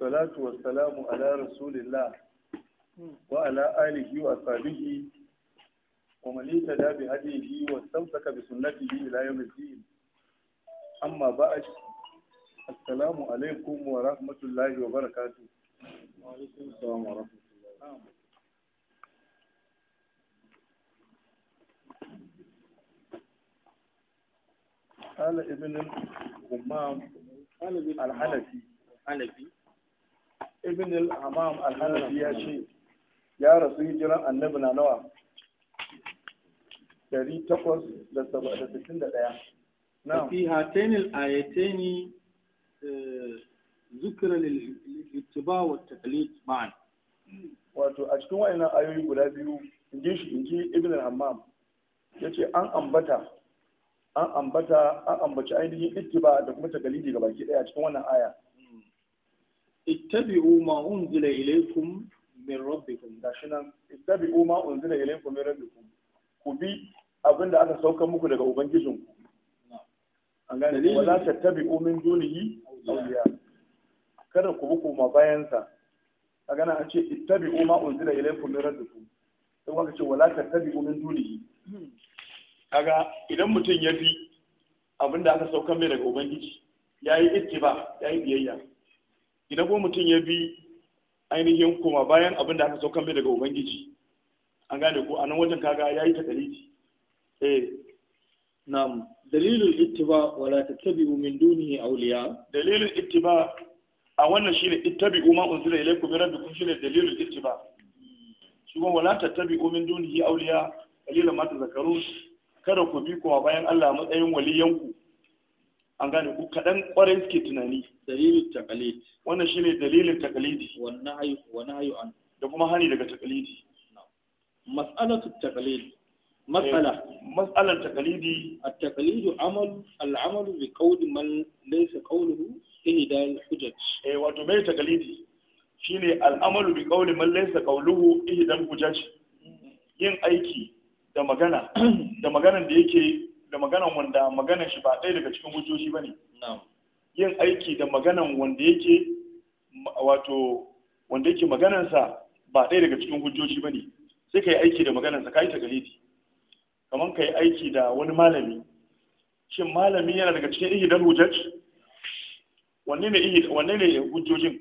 salatu wa salamu ala rasulillah wa ala alihi wa sahbihi wa man ittaba bi hadihi wa istamsaka bi sunnatihi ila yawm al-din amma ba'd assalamu alaikum wa rahmatullahi wa barakatuh wa alaikum assalam wa rahmatullahi قال ابن الغمام الحنفي الحنفي ibn al-amam al-hanafi ya ce ya rasu hijiran annabi na nawa 861 na fi hatain al-ayatain eh, zikra lil-ittiba wa taqlid ma'an wato a cikin wa'annan ayoyi guda biyu inji shi inji ibn al-hammam yace an ambata an ambata an ambaci ainihin ittiba da kuma taqlidi gabaki daya cikin wannan aya ittabi'u ma unzila ilaykum min rabbikum gashi nan ittabi'u ma unzila ilaykum min rabbikum ku bi abinda aka sauka muku daga ku an gane ne wala tattabi'u min dunihi awliya kada ku buku ma bayansa a gana an ce ittabi'u ma unzila ilaykum min rabbikum sai kuma ce wala tattabi'u min dunihi kaga idan mutum ya bi abinda aka sauka mai daga ubangiji yayi ittiba yayi biyayya idan kuma mutum ya bi ainihin koma bayan abin da aka saukan bai daga ubangiji an gane ko a nan wajen kaga ya yi ta dalili eh na'am dalilul ittiba wala tattabi'u min dunihi awliya dalilul ittiba a wannan shine ittabi'u ma unzila ilaykum min rabbikum shine dalilul ittiba shi kuma wala tattabi'u min dunihi awliya dalilan ma zakaru kada ku bi kuma bayan Allah matsayin waliyanku an gane ku kaɗan ƙwarai suke tunani dalilin takalidi. wannan shi ne dalilin takalidi wani hayu an da kuma hani daga takalidi mas'alatu takalidi. mas'ala eh, mas'alan takalidi a takalidu amal al'amalu bi qawli man laysa qawluhu ihda da hujaj eh wato mai takalidi shi ne al'amalu bi qawli man laysa qawluhu ihda al-hujaj mm-hmm. yin aiki da magana da maganan da yake da maganan wanda maganan shi ba ɗaya daga cikin hujjoji ba ne yin aiki da maganan wanda yake wato wanda yake maganansa ba ɗaya daga cikin hujjoji ba ne sai ka yi aiki da maganansa ka yi tagaliti. kamar ka yi aiki da wani malami shin malami yana daga cikin dan hujjaj wanne ne wanne ne hujjojin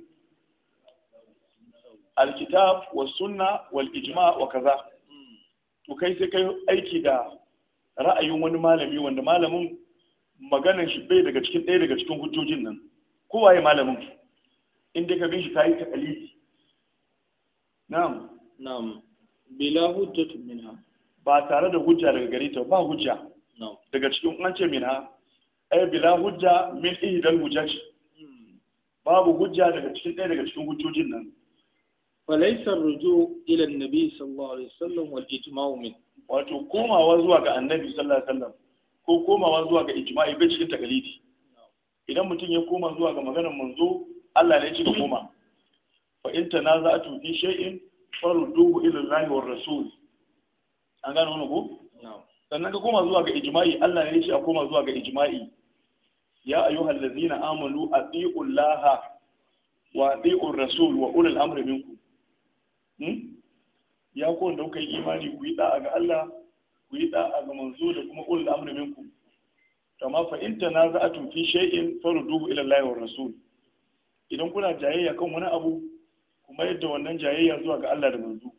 alkitab wa sunna wal ijma wa kaza hmm. to kai sai kai aiki da ra'ayin wani malami wanda malamin maganar shi bai daga cikin ɗaya daga cikin hujjojin nan kowa ya malamin in dai ka bin shi yi takalidi na'am na'am bila hujjatu minha ba tare da hujja daga gare ta ba hujja daga cikin an ce minha ai bila hujja min ihdal hujjaji babu hujja daga cikin ɗaya daga cikin hujjojin nan falaysa ruju ila annabi sallallahu alaihi wasallam wal ijma'u min wato komawa zuwa ga annabi sallallahu alaihi wasallam ko komawa zuwa ga ijma'i bai cikin takalidi idan mutum ya koma zuwa ga maganar manzo Allah ne ya koma fa in tanaza'tu fi shay'in farudduhu ila Allahi war rasul an gano wannan ko sannan ka koma zuwa ga ijma'i Allah ne ya a koma zuwa ga ijma'i ya ayyuhal ladzina amanu atiiu Allah wa atiiu rasul wa ulul amri minkum hmm? ya ko da kuka yi imani ku yi da'a ga Allah ku yi da'a ga manzo da kuma ulul amri minkum amma fa in tanaza'atum fi shay'in farduhu ila Allah wa rasul idan kuna jayayya kan wani abu kuma yadda wannan jayayya zuwa ga Allah da manzo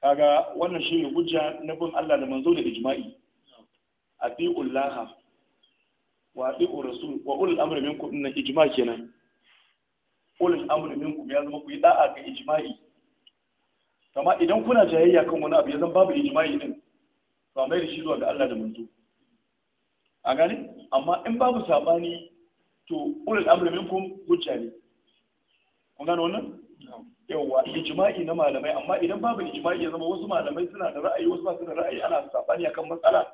kaga wannan shine hujja na bin Allah da manzo da ijma'i ati'ul laha wa ati'ur rasul wa ulul amri minkum inna ijma' kenan ulul amri minkum ya zama ku yi da'a ga ijma'i amma idan kuna jayayya kan wani abu ya zan babu ijima'i din to mai da shi zuwa ga Allah da manzo a gani, amma in babu sabani to ulul amri minkum hujja ne kun gano wannan yawa ijima'i na malamai amma idan babu ijima'i ya zama wasu malamai suna da ra'ayi wasu ba su da ra'ayi ana sabani akan matsala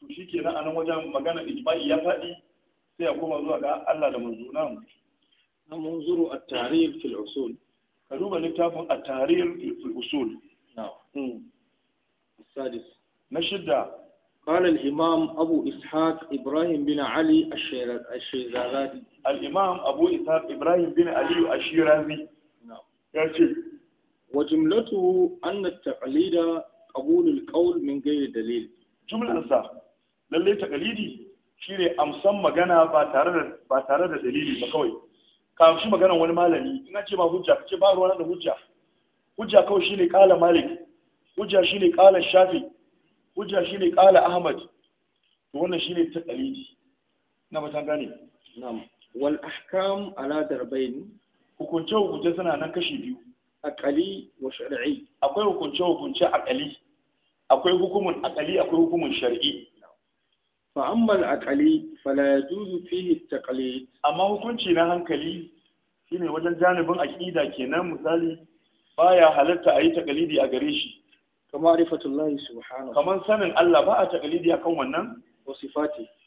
to shikenan a nan wajen magana ijima'i ya faɗi sai a koma zuwa ga Allah da manzo na mu. zuru at-tarikh fil usul ka duba littafin a tarihin usul na shidda قال الإمام أبو إسحاق إبراهيم بن علي الشيرازي الإمام أبو إسحاق إبراهيم بن علي الشيرازي نعم وجملته أن التقليد قبول القول من غير دليل جملة سا للي تقليدي شيري أمسم مغانا باتارد باتارد دليلي بكوي ka shi maganar wani malami in ce ma hujja ka ce ba ruwa da hujja hujja kawai shine kala malik hujja shine kala shafi hujja shine kala ahmad to wannan shine ta dalili na ba ta gane na'am wal ahkam ala darbayn hukunce hukunce suna nan kashi biyu aqali wa shar'i akwai hukunce hukunce aqali akwai hukumun aqali akwai hukumun shar'i fa ammal aqali fala yajuzu fihi taqlid amma hukunci na hankali shine wajen janibin aqida kenan misali baya halatta yi taqlidi a gare shi kamar rifatullahi subhanahu kamar sanin Allah ba a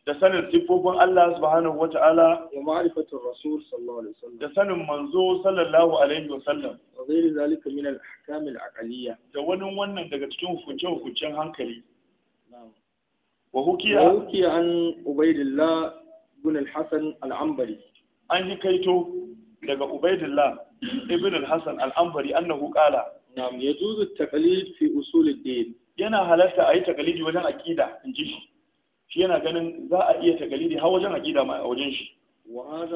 da sanin sifofin Allah subhanahu wata'ala wa ma'rifatur rasul sallallahu alaihi wasallam da sanin manzo sallallahu alaihi wasallam wa ghairi zalika min al-ahkam al-aqliyya da wani wannan daga cikin hukunce-hukuncen hankali وحكي وحكي عن عبيد الله بن الحسن العنبري أن يكيتو لغا عبيد الله ابن الحسن العنبري أنه قال نعم يجوز التقليد في أصول الدين yana halarta a yi takalidi wajen aƙida in ji shi yana ganin za a iya takalidi har wajen aƙida a wajen shi wa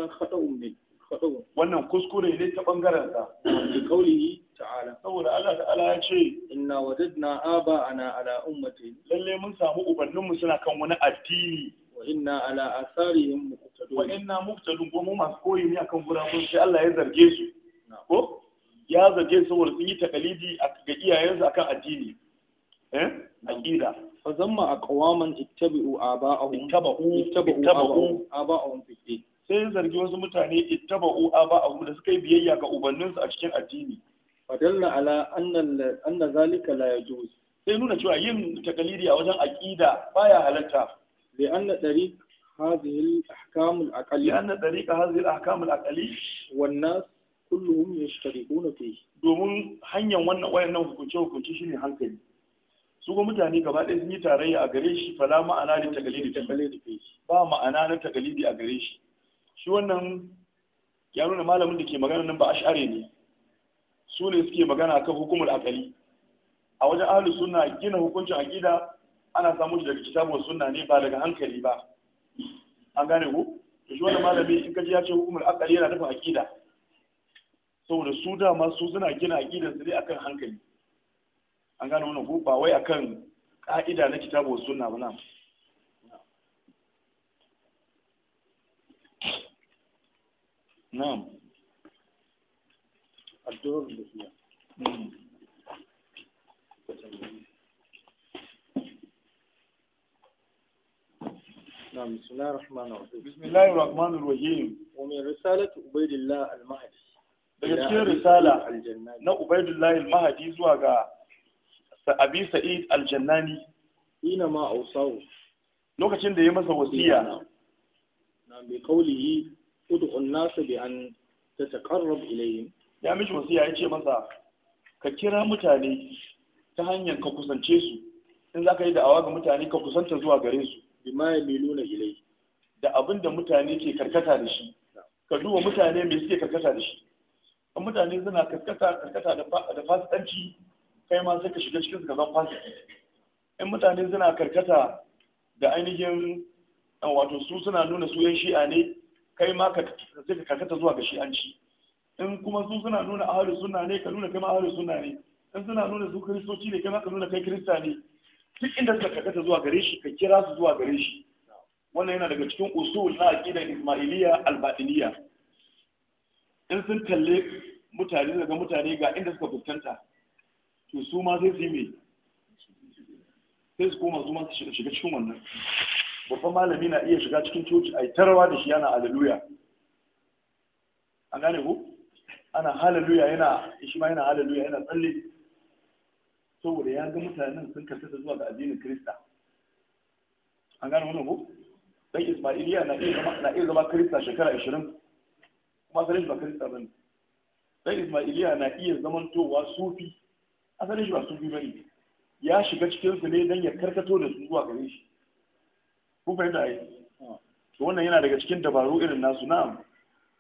wannan kuskure ne ta bangaren sa da kaulihi ta'ala saboda Allah ta'ala ya ce inna wajadna aba ana ala ummati lalle mun samu ubannin mu suna kan wani addini wa inna ala asarihim muqtadun wa inna muqtadun ko mu masu koyi ne akan gurabun sai Allah ya zarge su ko ya zarge su saboda sun yi takalidi ga iyayensu akan addini eh aqida fa zamma aqwaman ittabi'u aba'ahum ittabi'u ittaba'u aba'ahum fi sai ya zargi wasu mutane ba a da suka yi biyayya ga ubanninsu a cikin addini fadalla ala anna zalika la yajuz sai nuna cewa yin takalidi a wajen ba baya halatta li anna dariq hadhihi al-ahkam al-aqli an anna dariq hadhihi al-ahkam al Wannan kullum ya kulluhum yashtariquna fihi domin hanyar wannan wayannan hukunce hukunci shine hankali su ga mutane gaba ɗaya sun yi tarayya a gare shi fala ma'ana da takalidi ba ma'ana na takalidi a gare shi shi wannan ya nuna malamin da ke magana nan ba a ash'ari ne su ne suke magana kan hukumar akali a wajen ahlu suna gina hukuncin akida ana samun shi daga kitabun suna ne ba daga hankali ba an gane ku to shi wannan malami in kaji ya ce hukumar akali yana nufin aqida saboda su dama su suna gina aqidar su ne akan hankali an gane wannan ku ba wai akan ka'ida na kitabun suna ba na نعم الدور اللي فيها نعم بسم الله الرحمن الرحيم بسم الله الرحمن الرحيم ومن رسالة عبيد الله المهدي risala na Ubaidullahi al ga Abi Sa'id al-Jannani lokacin da ya masa wasiya ud'u an-nasu bi an tataqarrab ilayhim ya mishi wasiya ya ce masa ka kira mutane ta hanyar ka kusance su in za ka yi da'awa ga mutane ka kusanta zuwa gare su bima yamiluna ilayhi da abin da mutane ke karkata da shi ka duba mutane me suke karkata da shi Kan mutane suna karkata karkata da fasikanci kai ma sai ka shiga cikin su ka zan in mutane suna karkata da ainihin wato su suna nuna su yan shi'a ne kai ma ka ka karkata zuwa ga shi'anci in kuma su suna nuna ahlus suna ne ka nuna kai ma ahlus suna ne in suna nuna su kristoci ne kai ma ka nuna kai krista ne duk inda suka karkata zuwa gare shi ka kira su zuwa gare shi wannan yana daga cikin usul na aqidar ismailiya al in sun kalle mutane daga mutane ga inda suka fuskanta to su ma sai su yi me sai su koma su ma su shiga cikin wannan babban malami na iya shiga cikin coci a tarawa da shi yana haleluya an gane ku ana haleluya yana shi ma yana haleluya yana tsalle saboda ya ga mutanen sun karkata zuwa ga addinin krista. an gane wannan ku dan ismailiya na iya zama na iya zama krista shekara 20 kuma sanin ba kirista bane dan ismailiya na iya zamantowa sufi asalin shi ba sufi bane ya shiga cikin su ne dan ya karkato da su zuwa gare shi kun fahimta ai to wannan yana daga cikin dabaru irin nasu na'am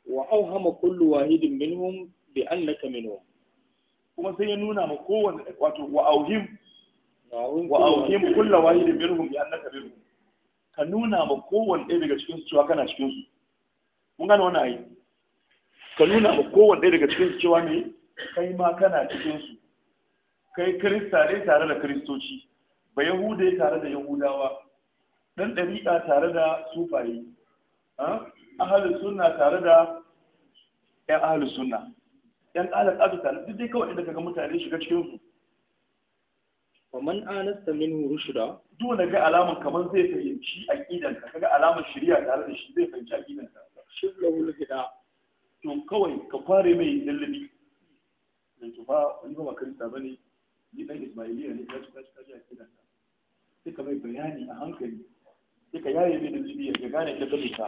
wa awhama kullu wahidin minhum bi annaka minhum kuma sai ya nuna ma kowanne wato wa auhim wa auhim kullu wahidin minhum bi annaka minhum ka nuna ma kowanne daga cikin su cewa kana cikin su mun gane wannan ai ka nuna ma kowanne daga cikin su cewa ne kai ma kana cikin su kai kirista ne tare da kiristoci ba yahude tare da yahudawa dan ɗariƙa tare da sufaye ahalin sunna tare da ‘yan ahalin sunna ‘yan ƙalar ƙasa duk dai kawai daga mutane shiga cikin su wa man anasta min rushda duk wanda ga alaman kamar zai fahimci aqidan ka kaga alaman shari'a tare da shi zai fahimci aqidan ka shiblahu gida, to kawai ka fare mai lallabi dan to fa wani ba makaranta bane ni dan ismailiya ne ka kaji kaji aqidan ka sai ka mai bayani a hankali sai ka yaye mai da bibiyar ya gane ka gane ka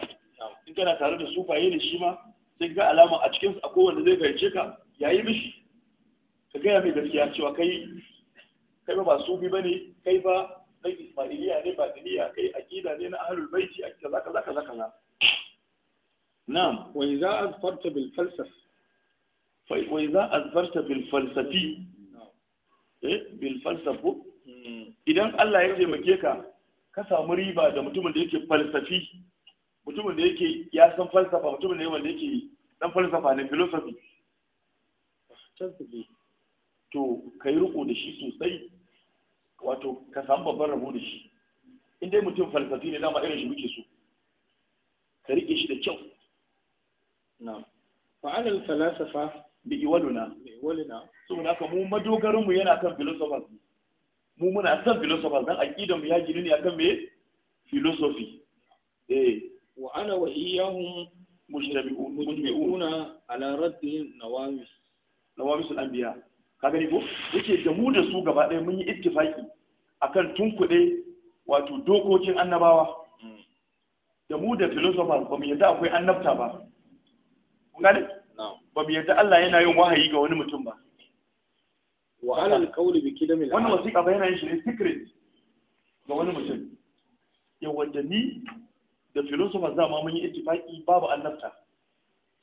in kana tare da sufaye da shi ma sai ga alama a cikin a kowanne zai gaice ka yayi mishi ka gaya mai gaskiya cewa kai kai ba sufi bane kai ba dan ismailiya ne ba diniya kai aqida ne na ahlul baiti a kaza kaza kaza kaza na'am wa idza azfarta bil falsaf fa wa idza azfarta bil falsafi eh bil falsafu hmm. idan Allah ya taimake ka ka samu riba da mutumin da yake falsafi mutumin da yake ya san falsafa mutumin ne wanda yake dan falsafa ne philosophy to ka yi riko da shi sosai wato ka samu babban rabo da shi in dai mutum falsafi ne dama irin shi muke so ka rike shi da kyau na'am fa alal falsafa bi iwaluna bi iwaluna so na mu madogarin mu yana kan philosophers mu muna son filosofal, dan aqidan mu ya gini ne akan me filosofi eh wa ana wa iyahum mujtabi'un mujtabi'una ala radd nawamis nawamis al-anbiya ka gani ko yace da mu da su gaba ɗaya mun yi ittifaki akan tunkude wato dokokin annabawa hmm. da mu da filosofal ba mu yadda akwai annabta ba kun gane ba mu yadda Allah yana yin wahayi ga wani mutum ba وعلى القول بكده من وانا wannan wasiƙa ايش yin shi ne ga wani mutum yawan da ni da philosophers dama mun yi ittifaqi babu annabta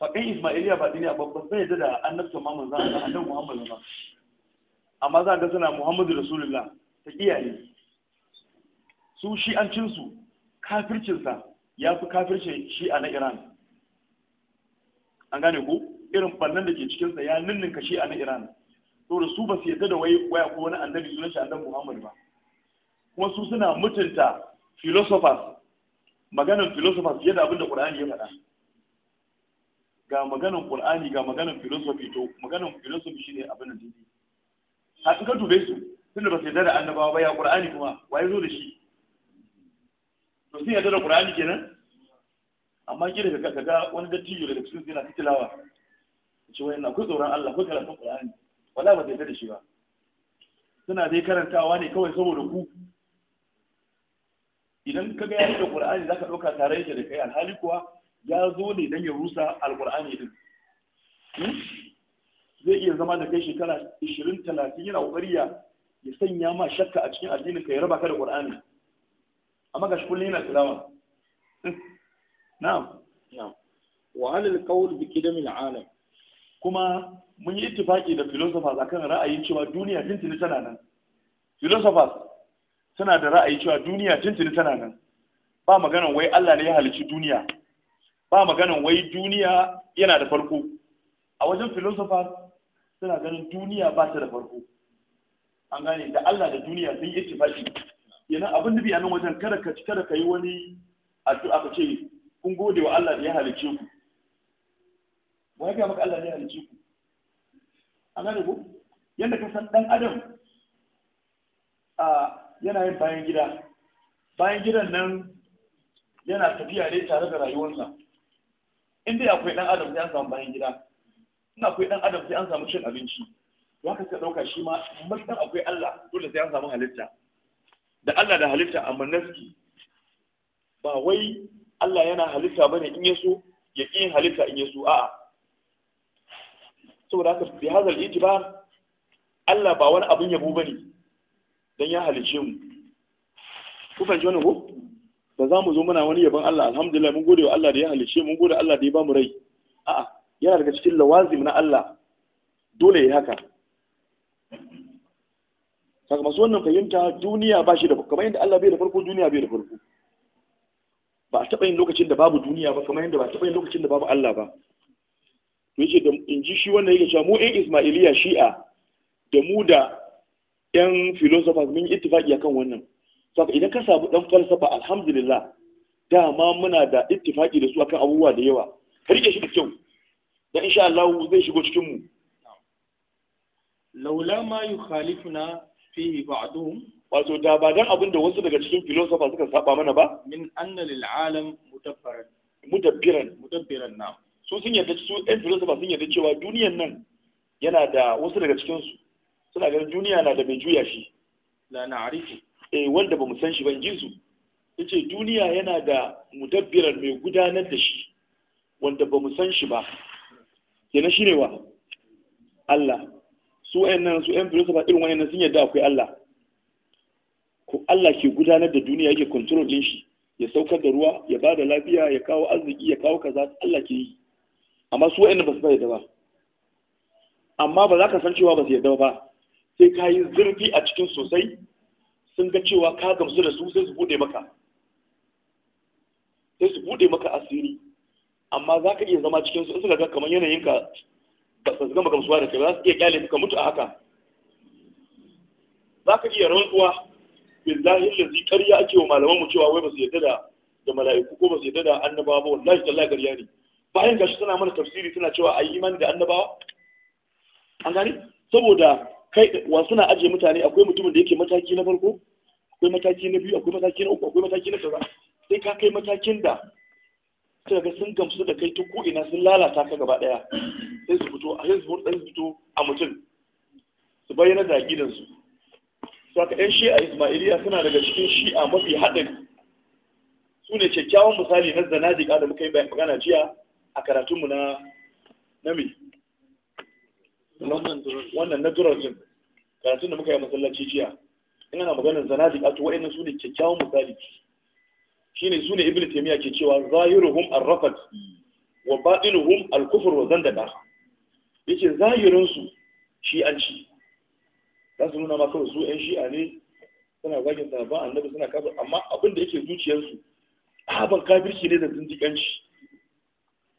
faƙin ismailiya ba dini a babban sai da annabta ma manzo Allah annabi ba amma za ga suna Muhammadu Rasulullah ta iyaye su shi an cin su kafircin sa fi kafircin shi a na Iran an gane ku? irin bannan da ke cikinsa ya ninninka shi a na Iran saboda su ba su yadda da wai waya ko wani annabi sunan shi annabi Muhammad ba kuma su suna mutunta philosophers maganin philosophers fiye da abin da Qur'ani ya faɗa ga maganin Qur'ani ga maganin philosophy to maganar philosophy shine abin da dindi har in ka dube su tunda ba su yadda da annabawa ba ya Qur'ani kuma waye zo da shi to sun yadda da Qur'ani kenan amma kira ka ga wani dattijo da cikin zina fitilawa ce wayan akwai tsoron Allah ko karatun Qur'ani wala ba da shi ba suna dai karantawa ne kawai saboda ku idan ka ga yayi da qur'ani zaka dauka tare yake da kai alhali kuwa ya zo ne dan ya rusa alqur'ani din hmm? zai iya zama da kai shekara 20 30 yana kokari ya ya sanya ma shakka a cikin addinin ka ya raba ka da qur'ani amma ga shi kullun yana tilawa hmm? na'am na'am wa alal qawl bi qidamil alam kuma mun yi ittifaki da philosophers akan ra'ayin cewa duniya tintini tana nan philosophers suna da ra'ayi cewa duniya tintini tana nan ba magana wai Allah ne ya halicci duniya ba magana wai duniya yana da farko a wajen philosophers suna ganin duniya ba ta da farko an gane da Allah da duniya sun yi ittifaki yana abin da bi a nan wajen kada ka ci kada ka yi wani addu'a ka ce kun gode wa Allah da ya halicce ku wai ga maka Allah ne ya halicce ku A gane ko yadda ka san ɗan adam a yana yin bayan gida bayan gidan nan yana tafiya ne tare da rayuwarsa in dai akwai ɗan adam sai an samu bayan gida in akwai ɗan adam sai an samu cin abinci To haka ka ɗauka shi ma mutum akwai Allah dole sai an samu halitta da Allah da halitta a manaski ba wai Allah yana halitta bane in yaso ya ƙi halitta in yaso a'a saboda haka bi hazal itibar Allah ba wani abin yabo bane dan ya halice mu ku fahimci wannan ko ba za mu zo muna wani yabon Allah alhamdulillah mun gode wa Allah da ya halice mun gode Allah da ya ba mu rai a'a yana daga cikin lawazim na Allah dole ya haka kaga masu wannan fahimta duniya ba shi da kamar yadda Allah bai da farko duniya bai da farko ba a taɓa yin lokacin da babu duniya ba kamar yadda ba a taɓa yin lokacin da babu Allah ba to yace da in ji shi wannan yake cewa mu ɗan Ismailiya Shi'a da mu da ɗan philosophers mun yi ittifaqi akan wannan saka idan ka samu ɗan falsafa alhamdulillah dama muna da ittifaki da su akan abubuwa da yawa ka rike shi da kyau dan insha Allah zai shigo cikin mu laula ma yukhalifuna fihi ba'duhum wato da ba dan abin da wasu daga cikin philosophers suka saba mana ba min anna lil alam mutabbiran mutabbiran na'am su sun yarda su ɗan filosofa sun yarda cewa duniyan nan yana da wasu daga cikinsu suna ganin duniya na da mai juya shi la na arifu eh wanda ba mu san shi ban ji su yace duniya yana da mudabbirar mai gudanar da shi wanda ba mu san shi ba kenan shine wa Allah su nan, su ɗan filosofa irin wannan sun yarda akwai Allah ko Allah ke gudanar da duniya yake control ɗin shi ya saukar da ruwa ya bada lafiya ya kawo arziki ya kawo kaza Allah ke yi amma su wa'annan ba su yarda ba amma ba za ka san cewa ba su yarda ba sai ka yi zurfi a cikin sosai sun ga cewa ka gamsu da su sai su bude maka sai su bude maka asiri amma za ka iya zama cikin su suka ga kamar ka ba su gama gamsuwa da kai ba za su iya kyale ka mutu a haka za ka iya rantsuwa billahi lazi ƙarya ake wa malaman mu cewa wai ba su yarda da mala'iku ko ba su yarda da annabawa ba wallahi tallahi ƙarya ne bayan gashi suna mana tafsiri suna cewa a yi imani da annabawa an gani saboda kai wa suna ajiye mutane akwai mutumin da yake mataki na farko akwai mataki na biyu akwai mataki na uku akwai mataki na kaza sai ka kai matakin da suka ga sun gamsu da kai ta ko'ina ina sun lalata ka gaba daya sai su fito a yanzu dan su fito a mutum su bayyana da gidansu saka shi a ismailiya suna daga cikin shi'a mafi haɗari su ne kyakkyawan misali na zanadiƙa da muka yi magana jiya a karatunmu na nami wannan na durajin karatun da muka yi masallaci jiya in ana maganar zanadik ato wa'in su ne kyakkyawan misali shine su ne ibnu taymiya ke cewa zahiruhum ar-rafat wa ba'iluhum al-kufr wa zandada yace zahirin su ci. za su nuna maka su yan shi'a ne suna zagin sahabban annabi suna kafir amma abin da yake zuciyarsu aban kafirci ne da zindiƙanci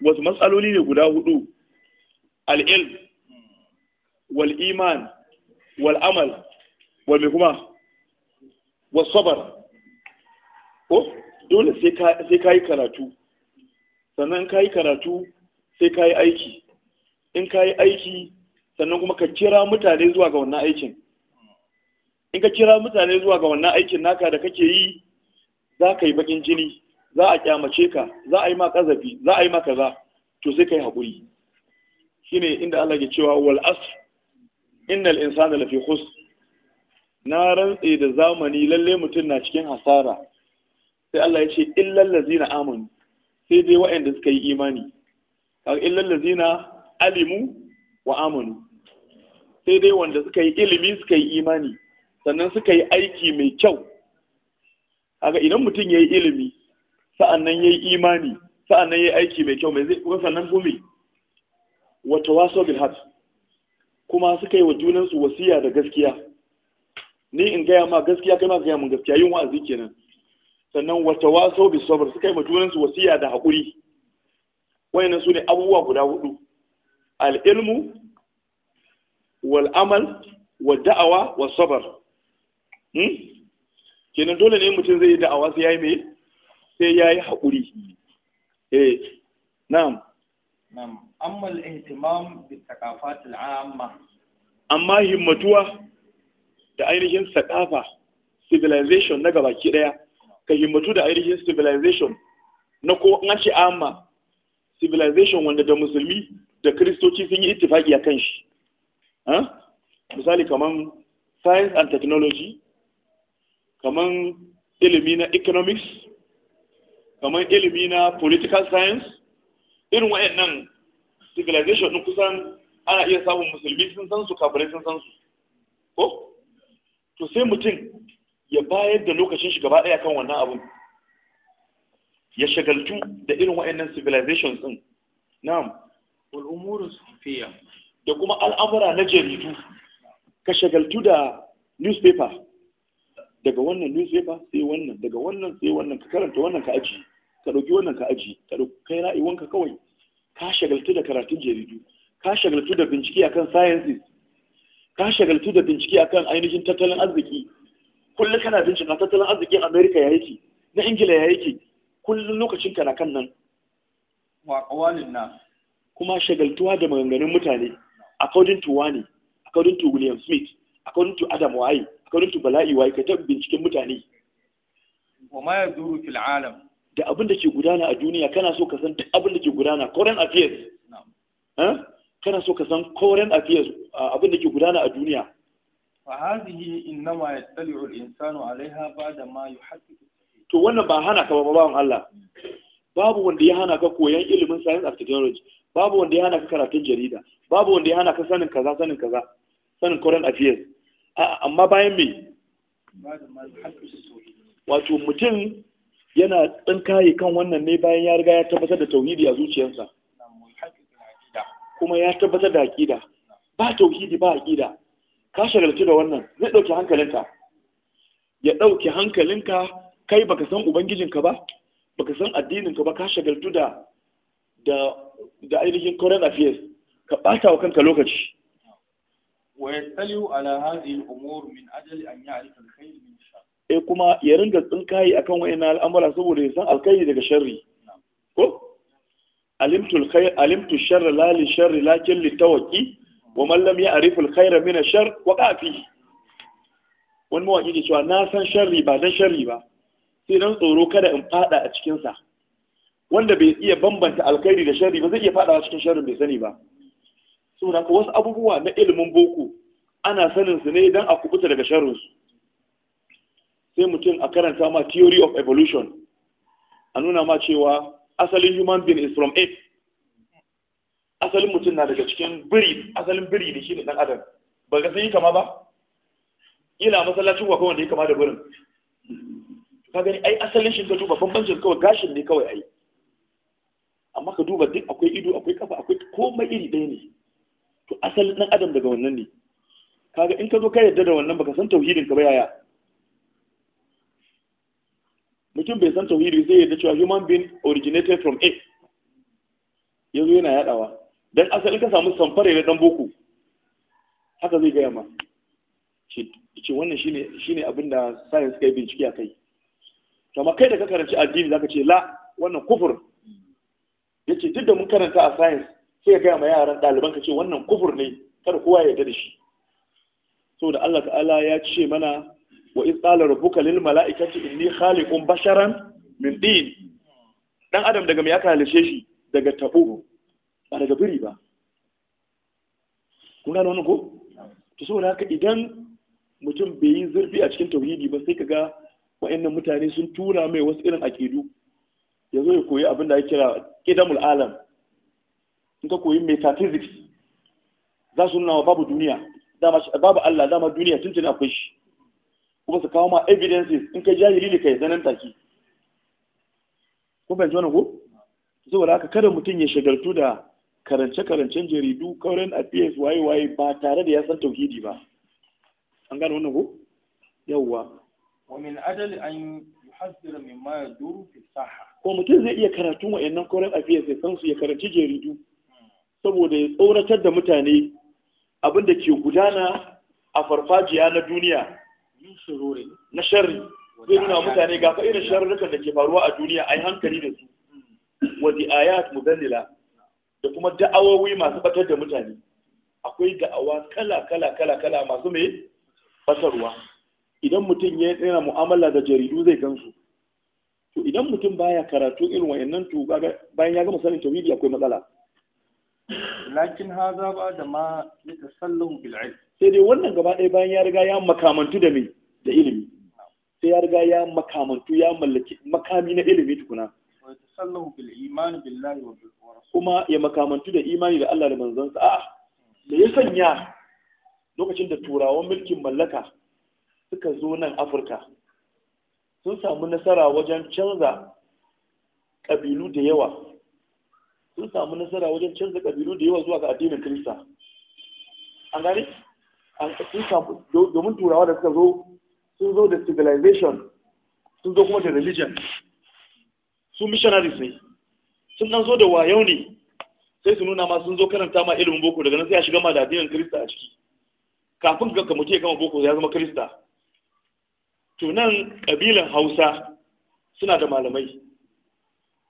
wasu matsaloli ne guda hudu al’il wal'iman, wal'amal, wal kuma wasu sabar ko dole sai ka yi karatu sannan ka yi karatu sai ka yi aiki in ka yi aiki sannan kuma ka kira mutane zuwa ga wannan aikin in ka kira mutane zuwa ga wannan aikin naka da kake yi za ka yi bakin jini za a kyamace ka za a yi ma kazafi za a yi maka za to sai kai haƙuri shine inda Allah ke cewa wal asr innal insana lafi khus na rantse da zamani lalle mutum na cikin hasara sai Allah ya ce illal ladzina amanu sai dai waɗanda suka yi imani kaga illal ladzina alimu wa amanu sai dai wanda suka yi ilimi suka yi imani sannan suka yi aiki mai kyau kaga idan mutum ya yi ilimi sa'annan yi imani sa'annan yi aiki mai kyau mai zai kuma sannan gumi wata waso bilhat kuma suka yi wa junansu wasiya da gaskiya ni in gaya ma gaskiya kai ma gaya mun gaskiya yin wa'azi kenan sannan wata waso bi sabar suka yi wa junansu wasiya da haƙuri wayannan sune abubuwa guda hudu al ilmu wal amal wa da'awa wa sabar. Hmm? kenan dole ne mutum zai yi da'awa sai ya yi mai sai ya yi haƙuri eh na'am na'am amma al-ihtimam bi thaqafat al-amma amma himmatuwa da ainihin sakafa civilization na gabaki daya ka himmatu da ainihin civilization na ko an ce amma civilization wanda da musulmi da kristoci sun yi ittifaki a kan shi ah? misali kaman science and technology kaman ilimi na economics kamar ilimi na political science irin wayannan civilization din kusan ana iya samun musulmi sun san su kafirai sun san su ko to sai mutum ya bayar da lokacin shi gaba daya kan wannan abun ya shagaltu da irin wayannan civilizations din na'am wal umuru sufiya da kuma al'amura na jaridu ka shagaltu da newspaper daga wannan newspaper sai wannan daga wannan sai wannan ka karanta wannan ka aji ka ɗauki wannan ka aji ka ɗauki kai wanka kawai ka shagaltu da karatun jaridu ka shagaltu da bincike akan sciences ka shagaltu da bincike akan ainihin tattalin arziki kullum kana bincika tattalin arzikin America ya yake na Ingila ya yake kullum lokacin kana kan nan wa qawalin na kuma shagaltuwa da maganganun mutane according to wani according to William Smith according to Adam Waye ka bala'i wai ka ta binciken mutane wa ma zuru fil alam da abin da ke gudana a duniya kana so ka san duk abin da ke gudana current affairs eh? kana so ka san current affairs abin da ke gudana a duniya fa hadhihi innama yattali'u al-insanu 'alayha ba'da ma yuhaddithu to wannan ba hana ka ba babban Allah babu wanda ya hana ka koyan ilimin science of technology babu wanda ya hana ka karatun jarida babu wanda ya hana ka sanin kaza sanin kaza sanin current affairs amma bayan me wato mutum yana ɗan kayi kan wannan ne bayan ya riga ya tabbatar da tauhidi a zuciyarsa kuma ya tabbatar da aƙida ba tauhidi ba aƙida ka shagaltu da wannan zai ɗauki hankalinka ya ɗauki hankalinka kai baka san ubangijinka ba baka san addininka ba ka shagaltu da da ainihin current affairs ka ɓata wa kanka lokaci ويتلو على هذه الأمور من أجل أن يعرف الخير من الشر eh kuma ya ringa tsinkaye akan wayannan al'amura saboda ya san alkhairi daga sharri ko alimtul sharra la sharri lakin li wa man wani mawaki ke cewa na san sharri ba don sharri ba sai don tsoro kada in fada a cikinsa. wanda bai iya bambanta alkhairi da sharri ba zai iya fadawa cikin sharrin bai sani ba saboda ka wasu abubuwa na ilimin boko ana sanin su ne don a kubuta daga sharrinsu sai mutum a karanta ma theory of evolution a nuna ma cewa asalin human being is from ape asalin mutum na daga cikin biri asalin biri ne shi ne dan adam ba ga sai yi kama ba ila masallacin wa kawai da ya kama da birin ka gani ai asalin shi ka duba bambancin kawai gashin ne kawai ai amma ka duba duk akwai ido akwai kafa akwai komai iri ɗaya ne to asalin dan adam daga wannan ne kaga in ka zo ka yadda da wannan baka san tauhidin ka ba yaya mutum bai san tauhidi zai yarda cewa human being originated from a yanzu yana yadawa dan asalin ka samu samfare na dan boko haka zai gaya ma ce wannan shine shine abin da science kai bincike a kai amma kai da ka karanci addini zaka ce la wannan kufur yace duk da mun karanta a science sai ya gaya ma yaran ɗaliban ka ce wannan kufur ne kada kowa ya da shi da Allah ta'ala ya ce mana wa in tsala rubuka lil mala'ikati inni khaliqun basharan min din dan adam daga me aka halice shi daga tabu ba daga biri ba kun gano wannan ko to da haka idan mutum bai yi zurfi a cikin tauhidi ba sai ka ga wa'annan mutane sun tura mai wasu irin aƙidu ya zo ya koyi abin da ya kira Kidamul alam in ka koyi metaphysics za su nuna wa babu duniya babu Allah dama duniya tun akwai shi kuma su kawo ma evidences in kai jahili ne kai zanen taki kuma fahimci wannan ko da haka kada mutum ya shagaltu da karance-karancen jaridu kauren affairs waye-waye ba tare da ya san tauhidi ba an gane wannan ko yawwa wa min adal an yuhazzira mimma yaduru fi saha ko mutum zai iya karatun wa'annan kauren affairs sai san su ya karanci jaridu saboda ya tsoratar da mutane abin da ke gudana a farfajiya na duniya na sharri zai nuna mutane ga fa irin sharrukan da ke faruwa a duniya yi hankali da su hmm. wadda ayat mudallila da kuma da'awowi masu batar da mutane akwai da'awa kala kala kala kala masu mai basarwa idan mutum ya tsina mu'amala da jaridu zai gansu to idan mutum baya karatu irin wa'annan to bayan ya gama sanin tauhidi akwai matsala lakin haza ba da ma ya tasallahu bil'ai. sai dai wannan gaba ɗaya bayan ya riga ya makamantu da me da ilimi sai ya riga ya makamantu ya mallaki makami na ilimi tukuna wa tasallahu bil iman billahi wa bil kuma ya makamantu da imani da Allah da manzansa a'a da ya sanya lokacin da turawan mulkin mallaka suka zo nan Afirka sun samu nasara wajen canza ƙabilu da yawa sun samu nasara wajen canza kabilu da yawa zuwa ga addinin Kirista an gane an sun samu domin turawa da suka zo sun zo da civilization sun zo kuma da religion su missionaries ne sun dan zo da wayo ne sai su nuna ma sun zo karanta ma ilimin boko daga nan sai a shiga ma da addinin Kirista a ciki kafin ka mutum ya kama boko ya zama Kirista to nan kabilan Hausa suna da malamai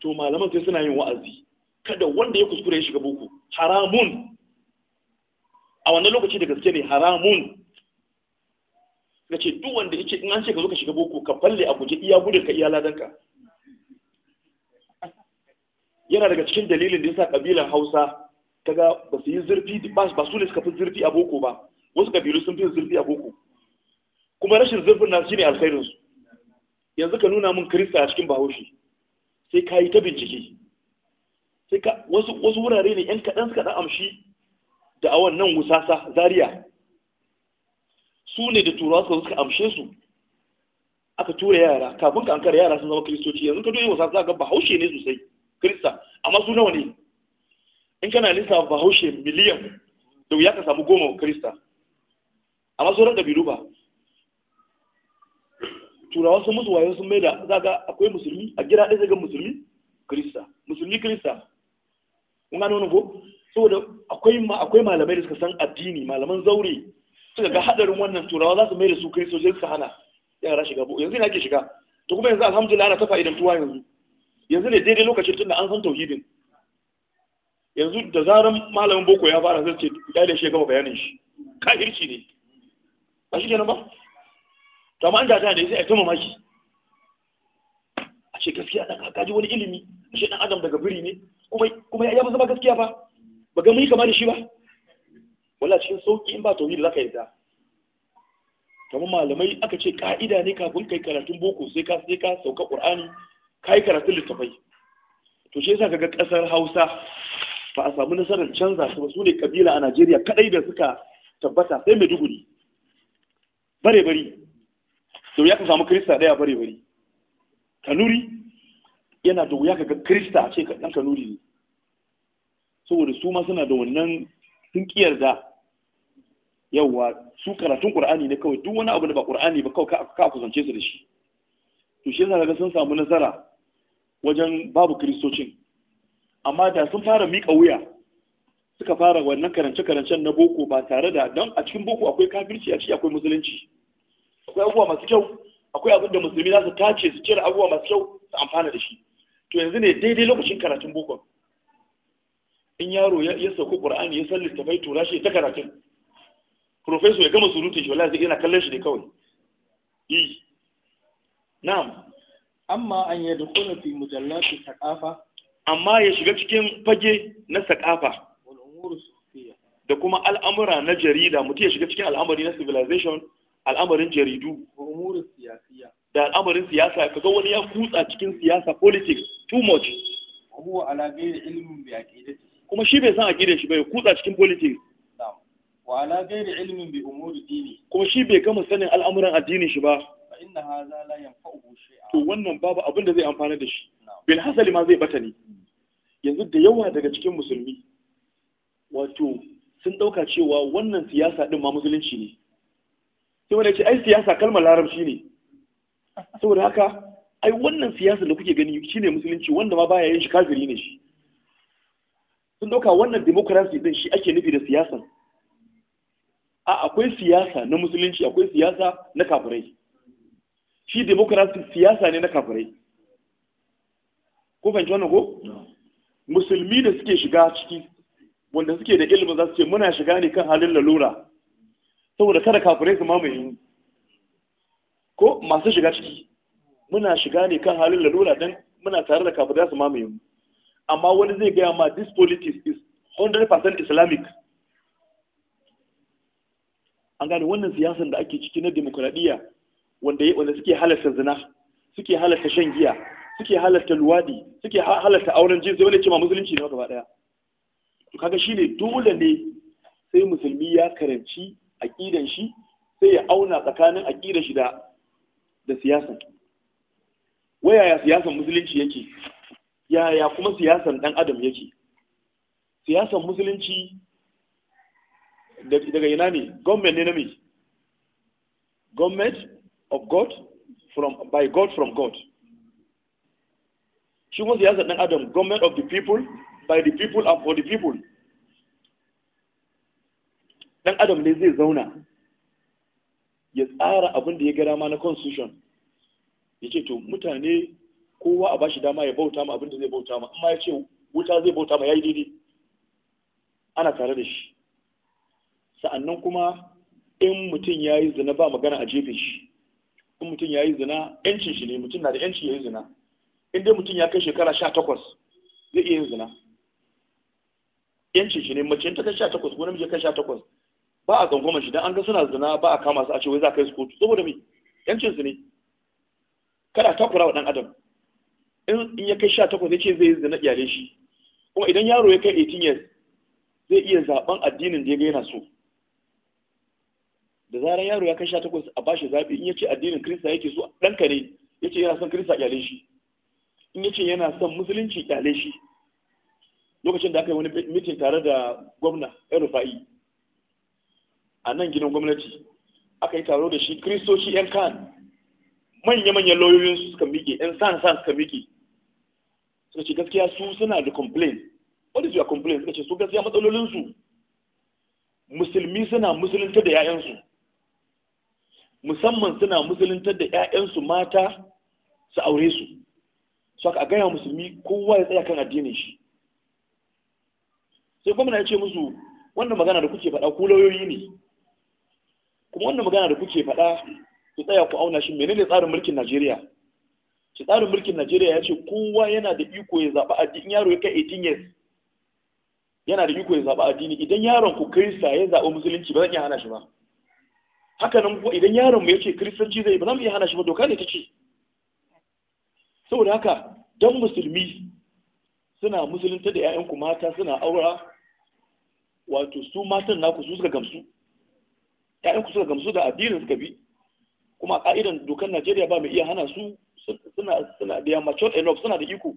to malaman sai suna yin wa'azi kada wanda ya kuskure ya shiga boko haramun a wannan lokaci da gaske ne haramun suka duk wanda yake in an ce ka zo ka shiga boko ka falle a guje iya gudun ka iya ladan ka. yana daga cikin dalilin da yasa kabilan Hausa kaga ba su yi zurfi ba su ne suka fi zurfi a boko ba wasu kabilu sun fi zurfi a boko kuma rashin zurfin nasu shine alkhairin su yanzu ka nuna min Kirista a cikin Bahaushe sai ka yi ta bincike sai ka wasu wasu wurare ne yan kaɗan suka ɗan amshi da a wannan wusasa zaria su ne da turawa suka suka amshe su aka tura yara kafin ka ankara yara sun zama kiristoci yanzu ka duba wusasa ga bahaushe ne sosai kirista amma su nawa ne in kana lissa bahaushe miliyan da wuya ka samu goma kirista amma sauran ƙabilu ba turawa sun musu wayo sun da za ga akwai musulmi a gida ɗaya ga musulmi kirista musulmi kirista kun gano ko saboda akwai akwai malamai da suka san addini malaman zaure suka ga hadarin wannan turawa za su mai da su kristoci suka hana yara shiga bo yanzu ne ake shiga to kuma yanzu alhamdulillah ana ta fa'idan tuwa yanzu yanzu ne daidai lokacin tunda an san tauhidin yanzu da zaran malamin boko ya fara zance ce ya da shi gaba bayanin shi kafirci ne ba shi kenan ba to amma an da ta ne sai a ta mamaki a gaskiya dan ka ji wani ilimi a ce dan adam daga biri ne kuma kuma ya zama gaskiya ba ba ga muni kama da shi ba wallahi cikin sauki in ba za zaka yarda kamar malamai aka ce ka'ida ne kafin kai karatun boko sai ka sai ka sauka qur'ani kai karatun littafai to shi yasa kaga kasar Hausa ba a samu nasarar canza su ba su ne kabila a Najeriya kadai da suka tabbata sai Maiduguri bare bari to ya samu Kirista daya bare bari kanuri yana da wuya kaga krista a ce ka kanuri ne saboda su ma suna da wannan sun da yawa su karatun ƙur'ani ne kawai duk wani abu da ba ƙur'ani ba kawai ka kusance su da shi to shi yasa kaga sun samu nasara wajen babu kristocin amma da sun fara miƙa wuya suka fara wannan karance-karancen na boko ba tare da don a cikin boko akwai kafirci a ciki akwai musulunci akwai abubuwa masu kyau akwai abin da musulmi za su tace su cire abubuwa masu kyau su amfana da shi to yanzu ne daidai lokacin karatun boko in yaro ya sauko qur'ani ya san littafai to shi ta karatun professor ya gama surutun shi wallahi yana kallon shi ne kawai yi na'am amma an yadkhulu fi mujallati thaqafa amma ya shiga cikin fage na thaqafa da kuma al'amura na jarida mutum ya shiga cikin al'amari na civilization al'amarin jaridu da al'amarin siyasa kaga wani ya kutsa cikin siyasa politics too much huwa ala ghairi ilimin bi aqidati kuma shi bai san aqidar shi bai kutsa cikin politics wa ala ghairi ilmin bi umuri dini kuma shi bai gama sanin al'amuran addinin shi ba fa inna hadha la yanfa'uhu shay'a to wannan babu abin da zai amfana da shi bil hasali ma zai bata ne yanzu da yawa daga cikin musulmi wato sun dauka cewa wannan siyasa din ma musulunci ne sai wanda ce ai siyasa kalmar larabci ne saboda haka ai wannan siyasa da kuke gani shine musulunci wanda ma baya yin shi kafiri ne shi sun dauka wannan democracy din shi ake nufi da siyasa a akwai siyasa na musulunci akwai siyasa na kafirai shi democracy siyasa ne na kafirai ko fahimci wannan ko musulmi da suke shiga ciki wanda suke da ilimin za su ce muna shiga ne kan halin lalura saboda kada kafirai su mamaye mu ko masu shiga ciki muna shiga ne kan halin lalura don muna tare da kafirai su mamaye mu amma wani zai gaya ma this politics is 100% islamic an gane wannan siyasan da ake ciki na demokradiyya wanda wanda suke halarta zina suke halarta shan giya suke halarta luwadi suke halarta auren jinsi wanda ce ma musulunci ne gaba daya to kaga shine dole ne sai musulmi ya karanci aqidan shi sai ya auna tsakanin aqidan shi da da siyasan wayaya siyasan musulunci yake yaya kuma siyasan dan adam yake siyasan musulunci daga ina ne government ne na me government of god from by god from god shi kuma siyasan dan adam government of the people by the people and for the people dan adam ne zai zauna ya tsara abin da ya ga dama na constitution ya ce to mutane kowa a bashi dama ya bauta ma abin da zai bauta ma amma ya ce wuta zai bauta ma ya yi daidai ana tare da shi sa'annan kuma in mutum ya yi zina ba magana a jefe shi in mutum ya yi zina yancin shi ne mutum na da yanci ya yi zina in dai mutum ya kai shekara sha takwas zai iya yin zina yancin shi ne mace ta kai sha takwas ko namiji ya kai sha takwas ba a tsangwama shi dan an ga suna zina ba a kama su a ce wai za ka yi su kotu saboda me yancin su ne kada takura wa dan adam in ya kai 18 ya ce zai yi zina iyalai shi kuma idan yaro ya kai 18 years zai iya zaben addinin da ya ga yana so da zarar yaro ya kai 18 a bashi zabi in ya ce addinin Kirista yake so ɗanka ne ya ce yana son Kirista iyalai shi in ya ce yana son musulunci iyalai shi lokacin da aka yi wani mitin tare da gwamna yan rufa'i a nan gidan gwamnati aka yi taro da shi kristoci 'yan kan manya-manyan lauyoyin su suka miƙe 'yan san-san suka miƙe suka ce gaskiya su suna da complain what is your complain suka ce su gaskiya matsalolinsu musulmi suna musulunta da 'ya'yansu musamman suna musulunta da 'ya'yansu mata su aure su su aka gaya musulmi kowa ya tsaya kan addinin shi sai gwamna ya ce musu wannan magana da kuke faɗa ku lauyoyi ne kuma wannan magana da kuke faɗa ku tsaya ku auna shi menene tsarin mulkin Najeriya shi tsarin mulkin Najeriya ya ce kowa yana da iko ya zaɓi addini yaro ya kai 18 years yana da iko ya zaɓi addini idan yaron ku Kirista ya zaɓi musulunci ba zan iya hana shi ba haka nan ko idan yaron mu yace kristanci zai ba za mu iya hana shi ba doka ne ta ce saboda haka dan musulmi suna musulunta da 'ya'yanku mata suna aura wato su matan naku su suka gamsu ƴaƴan ku suka gamsu da addinin suka bi kuma ka'idan dokar Najeriya ba mai iya hana su suna suna da yamma short enough suna da iko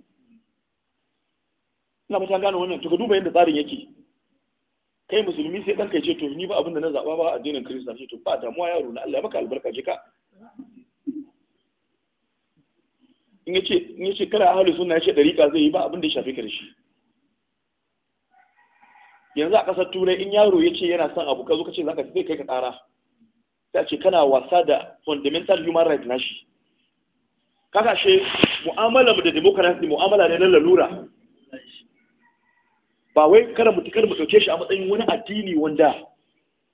ina mutan gane wannan to ka duba yadda tsarin yake kai musulmi sai ɗanka ce to ni ba abin da na zaɓa ba addinin kirista ce to ba damuwa yaro na Allah ya maka albarka je ka in yace in yace kana ahlus sunna yace dariƙa zai yi ba abin da ya shafe ka da shi yanzu a ƙasar turai in yaro ya ce yana son abu ka zo ka ce zaka zai kai ka ƙara sai ce kana wasa da fundamental human right nashi kaka she mu'amala mu da democracy mu'amala ne na lalura ba wai kada mu tikar mu dauke shi a matsayin wani addini wanda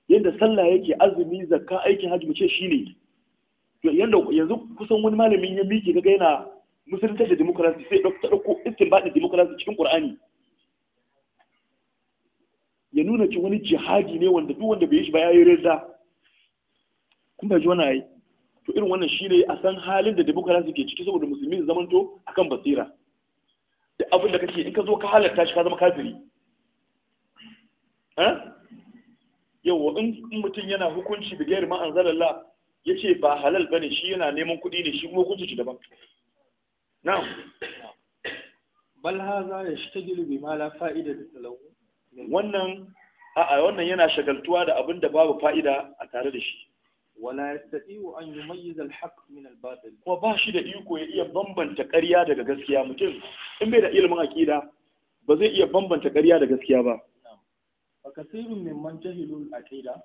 yanda sallah yake azumi zakka aikin hajji mu ce shine to yanda yanzu kusan wani malamin ya miƙe kaga yana musulunta da democracy sai ta dauko da democracy cikin qur'ani ya nuna cin wani jihadi ne wanda duk wanda bai yi shi ba ya yi rinda kun ba ji wani ayi to irin wannan shi ne a san halin da demokarasi ke ciki saboda musulmi su zamanto akan basira da abin da kake in ka zo ka halatta shi ka zama kafiri yawa in mutum yana hukunci da gairi ma'an zalalla ya ce ba halal ba ne shi yana neman kuɗi ne shi kuma hukunci shi daban na'am bal haza ya shi ta gilibi ma la fa'ida da salamu. wannan a'a wannan yana shagaltuwa da abin da babu fa'ida a tare da shi wala yastati'u an yumayyiz al-haqq min al-batil kuma ba shi da iko ya iya bambanta ƙarya daga gaskiya mutum in bai da ilimin aqida ba zai iya bambanta ƙarya da gaskiya ba fa kasirun min man jahilul aqida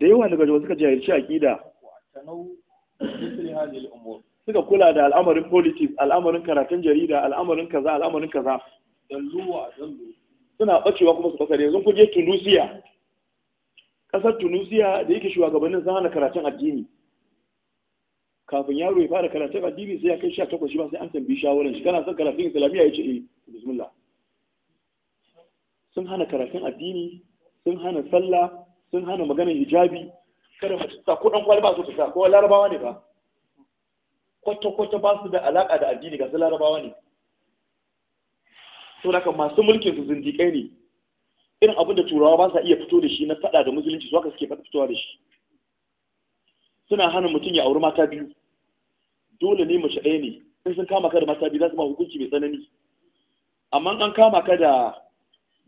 da yawa daga wasu suka jahilci aqida tanau misli hadhihi al-umur suka kula da al'amarin politics al'amarin karatun jarida al'amarin kaza al'amarin kaza dallu wa dallu suna bacewa kuma su fasare yanzu kuje tunisia kasar tunisia da yake shugabannin sun hana karatun addini kafin yaro ya fara karatun addini sai ya kai sha takwas shi ba sai an tambayi shawaran shi kana son karatun islamiyya ya ce eh bismillah sun hana karatun addini sun hana sallah sun hana maganar hijabi kada mace ta kudin kwali ba su fita ko larabawa ne ba kwata-kwata ba su da alaka da addini ga su larabawa ne so haka masu mulkin su zindiƙai ne irin abin da turawa ba sa iya fito da shi na faɗa da musulunci su haka suke faɗa fitowa da shi suna hana mutum ya auri mata biyu dole ne mace ɗaya ne in sun kama ka da mata biyu za su ma hukunci mai tsanani amma an kama ka da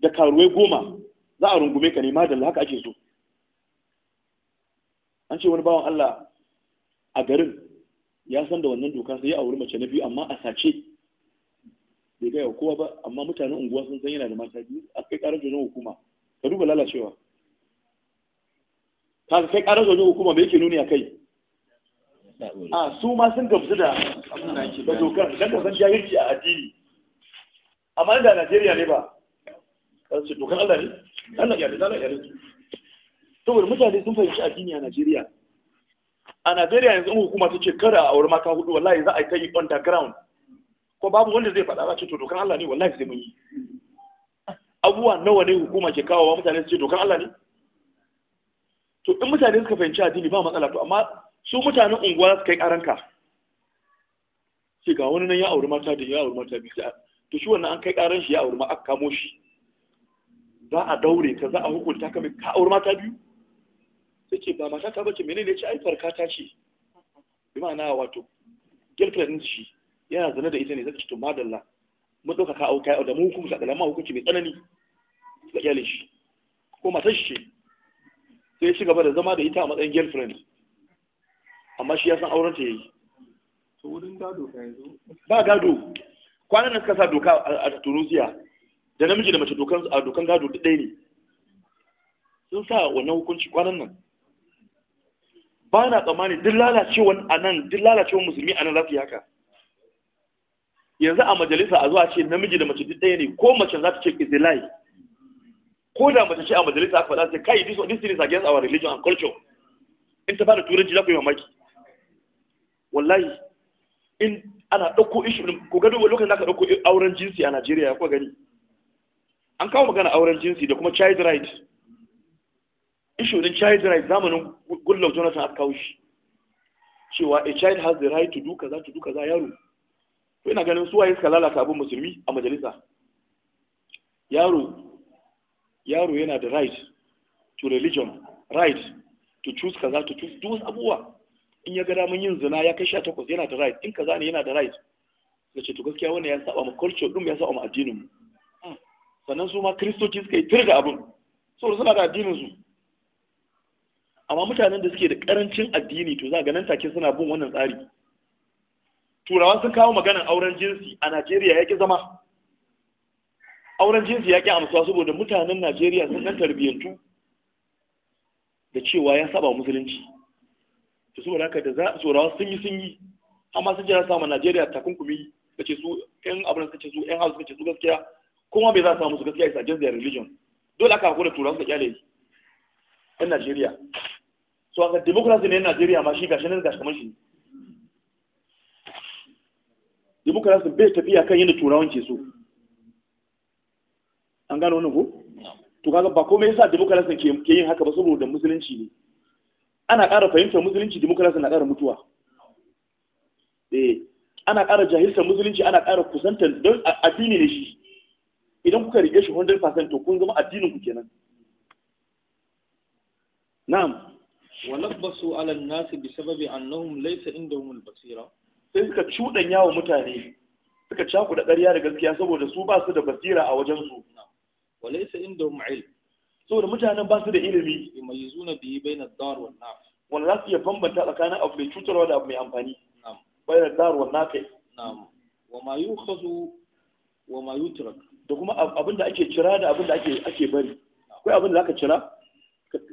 da karuwai goma za a rungume ka ne madalla haka ake so an ce wani bawan Allah a garin ya san da wannan doka sai ya auri mace na biyu amma a sace bai gaya kowa ba amma mutanen unguwa sun san yana da mata biyu a kai karar wajen hukuma ka duba lalacewa ka kai karar wajen hukuma me yake nuni a kai a su ma sun gamsu da dokar don ka san jahilci a addini amma da Najeriya ne ba ce dokar Allah ne Allah ya Allah ya saboda mutane sun fahimci addini a Najeriya a Najeriya yanzu hukuma ta ce kada a auri mata hudu wallahi za a yi ta yi on the ground ko babu wanda zai faɗa za ce to dokar Allah ne wallahi zai mun yi Abuwa nawa ne hukuma ke kawo wa mutane su ce dokar Allah ne to in mutane suka fahimci addini ba matsala to amma su mutanen unguwa su kai karanka sai ga wani nan ya auri mata da ya auri mata biyu to shi wannan an kai karan shi ya auri ma aka kamo shi za a daure ka za a hukunta ka mai ka auri mata biyu sai ce ba mata ta bace menene ce ai farka ta ce bi ma'ana wato girkla shi yana zane da ita ne zai cikin madalla mu dauka ka auka da mu hukunci da lamar hukunci mai tsanani da kyalin shi ko matar shi ce sai shi ci gaba da zama da ita a matsayin girlfriend amma shi ya san auren ta yayi to wurin gado ka yanzu ba gado kwanan nan suka sa doka a Tunisia da namiji da mace dokan a dokan gado da ɗaya ne sun sa wannan hukunci kwanan nan ba na tsammani duk lalacewa a nan duk musulmi a nan za su yi haka yanzu a majalisa a zuwa ce namiji da mace duk ɗaya ne ko mace za ta ce izilai ko da mace ce a majalisa aka faɗa sai kai diso disini sa against our religion and culture in ta fara turanci za ku yi mamaki wallahi in ana ɗauko ishu ko gado lokacin da aka ɗauko auren jinsi a Najeriya ya kuwa gani an kawo magana auren jinsi da kuma child right ishu ɗin child right zamanin Goodluck Jonathan aka kawo shi cewa a child has the right to do kaza to do kaza yaro to ina ganin suwa suka lalata abin musulmi a majalisa yaro yaro yana da right to religion right to choose kaza to choose duk abubuwa in ya ga mun yin zina ya kai sha takwas yana da right in kaza ne yana da right da ce to gaskiya wannan ya saba ma culture din ya saba ma addinin mu hmm. sannan su ma kristoci suka yi tirga abin saboda suna da addinin su amma mutanen da suke da karancin addini to za ga nan take suna bin wannan tsari turawan sun kawo maganan auren jinsi a najeriya ya ki zama auren jinsi ya ki amsuwa saboda mutanen najeriya sun ɗan tarbiyyantu da cewa ya saba musulunci da saboda haka da za turawa sun yi sun yi amma sun jira samun najeriya takunkumi da ce su yan abin suka ce su yan hausa suka ce su gaskiya kuma bai za samu su gaskiya isa jinsi da religion dole aka hakura turawa suka kyale yan najeriya so aka democracy ne yan najeriya ma shi gashi nan gashi kamar shi ne demokarasi bai tafiya kan yadda turawan ke so an gano wani ko to kaga ba komai yasa demokarasi ke yin haka ba saboda musulunci ne ana ƙara fahimtar musulunci demokarasi na ƙara mutuwa eh ana ƙara jahiltar musulunci ana ƙara kusantar don addini ne shi idan kuka rike shi 100% to kun zama addinin ku kenan na'am wa nabbasu ala an-nas bi sababi annahum laysa indahum al-basira sai suka cuɗanya yawon mutane suka cakuɗa ƙarya da gaskiya saboda su ba su da basira a wajensu. su inda indahum ilm saboda mutanen ba su da ilimi yumayyizuna bihi bayna ad-dar wan naf wanda za su iya bambanta tsakanin abu mai cutarwa da abu mai amfani bayna ad-dar wan naf na'am wa ma yukhazu wa ma yutrak da kuma abin da ake cira da abin da ake bari akwai abin da za ka cira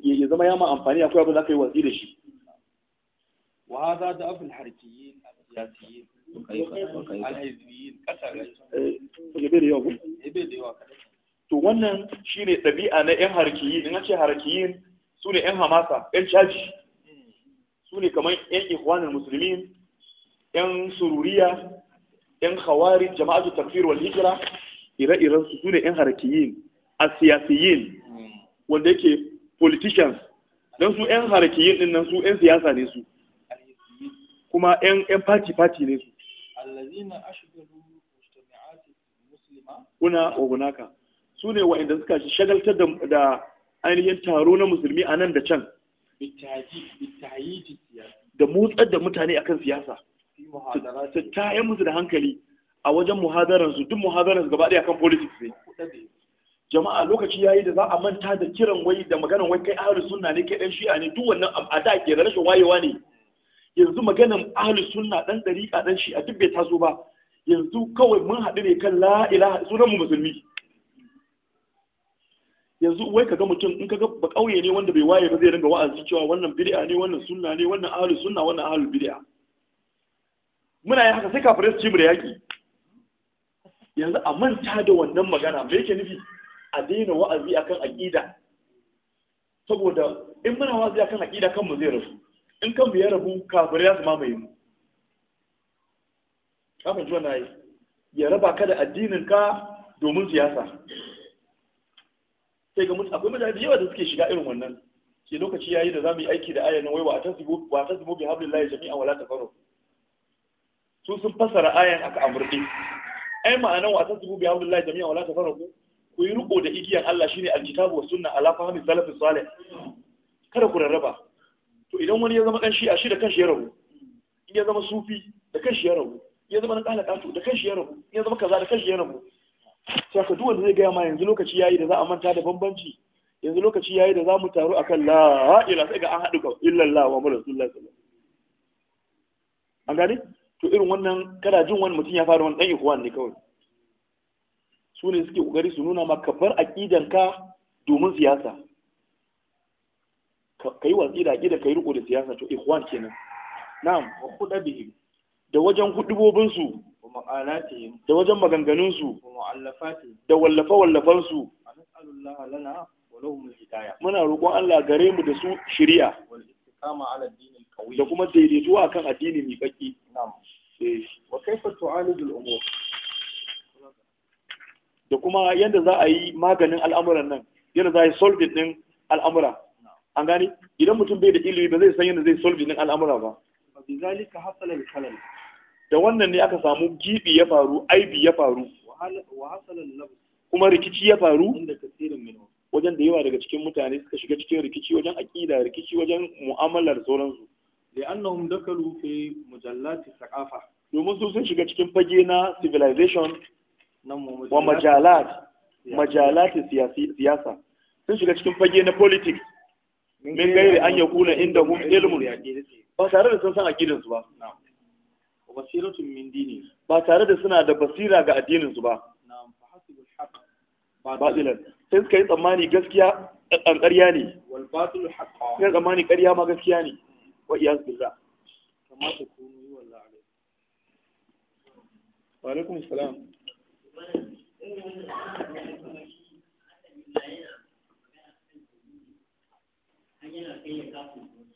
ya zama ya ma amfani akwai abin da za ka yi watsi da shi وهذا ضعف الحركيين السياسيين الحزبيين كثر يبي لي يوم يبي wannan shine ɗabi'a na 'yan harakiyin in ce harakiyin su ne 'yan hamasa 'yan caji su ne kamar 'yan ikhwanin musulmi 'yan sururiya 'yan khawari jama'atu tafsir wal hijira ire-iren su su ne 'yan harakiyin a siyasiyin hmm. wanda yake politicians don su 'yan harakiyin din nan su 'yan siyasa ne su kuma yan yan fati fati ne su allazina ashghalu mujtami'ati muslima kuna wa hunaka su ne suka shagaltar da da ainihin taro na musulmi a nan da can da motsar da mutane akan siyasa ta tayan musu da hankali a wajen muhazararsu duk muhazararsu gaba ɗaya kan politics ne jama'a lokaci yayi da za a manta da kiran wai da maganan wai kai ahlus sunna ne kai dan shi'a ne duk wannan a da ke rashin wayewa ne yanzu maganan ahli sunna dan dariqa dan shi a duk bai taso ba yanzu kawai mun haɗu ne kan la ilaha sunan mu musulmi yanzu wai kaga mutum in kaga ba kauye ne wanda bai waye ba zai ringa wa'azi cewa wannan bid'a ne wannan sunna ne wannan ahli sunna wannan ahli bid'a muna yi haka sai kafirai su ci mu da yaki yanzu a manta da wannan magana me yake nufi a daina wa'azi akan aqida saboda in muna wa'azi akan aqida kanmu zai rasu in kan biyar rabu kafin ya zama mai mu kafin ji wannan yi ya raba ka da addinin ka domin siyasa sai ga mutu akwai mutane yawa da suke shiga irin wannan ke lokaci yayi da zamu yi aiki da ayan waiwa a wa tasibu wa tasibu bi hablillahi jami'an wala tafarru su sun fasara ayan aka amurde ai ma'ana wa tasibu bi hablillahi jami'an wala tafarru ku yi riko da igiyan Allah shine alkitabu wa sunna ala fahmi salafus salih kada ku rarraba to idan wani ya zama dan a shi da kanshi ya rabu in ya zama sufi da kanshi ya rabu ya zama na kala kato da kanshi ya rabu ya zama kaza da kanshi ya rabu sai ka duk wanda zai gaya ma yanzu lokaci yayi da za a manta da bambanci yanzu lokaci yayi da za mu taru akan la ila sai ga an haɗu ga illallah wa rasulullahi sallallahu an gane to irin wannan kana jin wani mutum ya fara wani ɗan ikhwan ne kawai su ne suke kokari su nuna maka bar aqidanka domin siyasa kai watsi da aƙida kai riko da siyasa to ikhwan kenan na'am wa khuda khudabihim da wajen hudubobin su wa maqalatihim da wajen maganganun su wa mu'allafatihim da wallafa wallafan su nas'alullaha lana wa lahum hidayah muna roƙon Allah gare mu da su shari'a wal istiqama ala din alqawi da kuma daidaituwa akan addini mai baki na'am eh. wa kaifa tu'alidu al'umur da kuma yadda za a yi maganin al'amuran nan yadda za a yi solving din al'amura an gani idan mutum bai da ilimi ba zai san yadda zai solve din al'amura ba bizalika hasala al khalal da wannan ne aka samu gibi ya faru aibi ya faru wa hasala al kuma rikici ya faru inda kasirin min wajen da yawa daga cikin mutane suka shiga cikin rikici wajen aqida rikici wajen mu'amalar da sauransu da annahum dakalu fi mujallati thaqafa domin su sun shiga cikin fage na civilization wa majalat majalati siyasa sun shiga cikin fage na politics min gairi an yakuna inda hum ilmun ba tare da sun san aqidan su ba basiratun min dini ba tare da suna da basira ga addinin su ba na'am fa hasibu al-haq batilan sai suka tsammani gaskiya an ƙarya ne wal batilu haqqa sai tsammani ƙarya ma gaskiya ne wa iyaz billah kamar ta kunu yi wallahi alaikum wa alaikum salam yana kai ya kafin wasu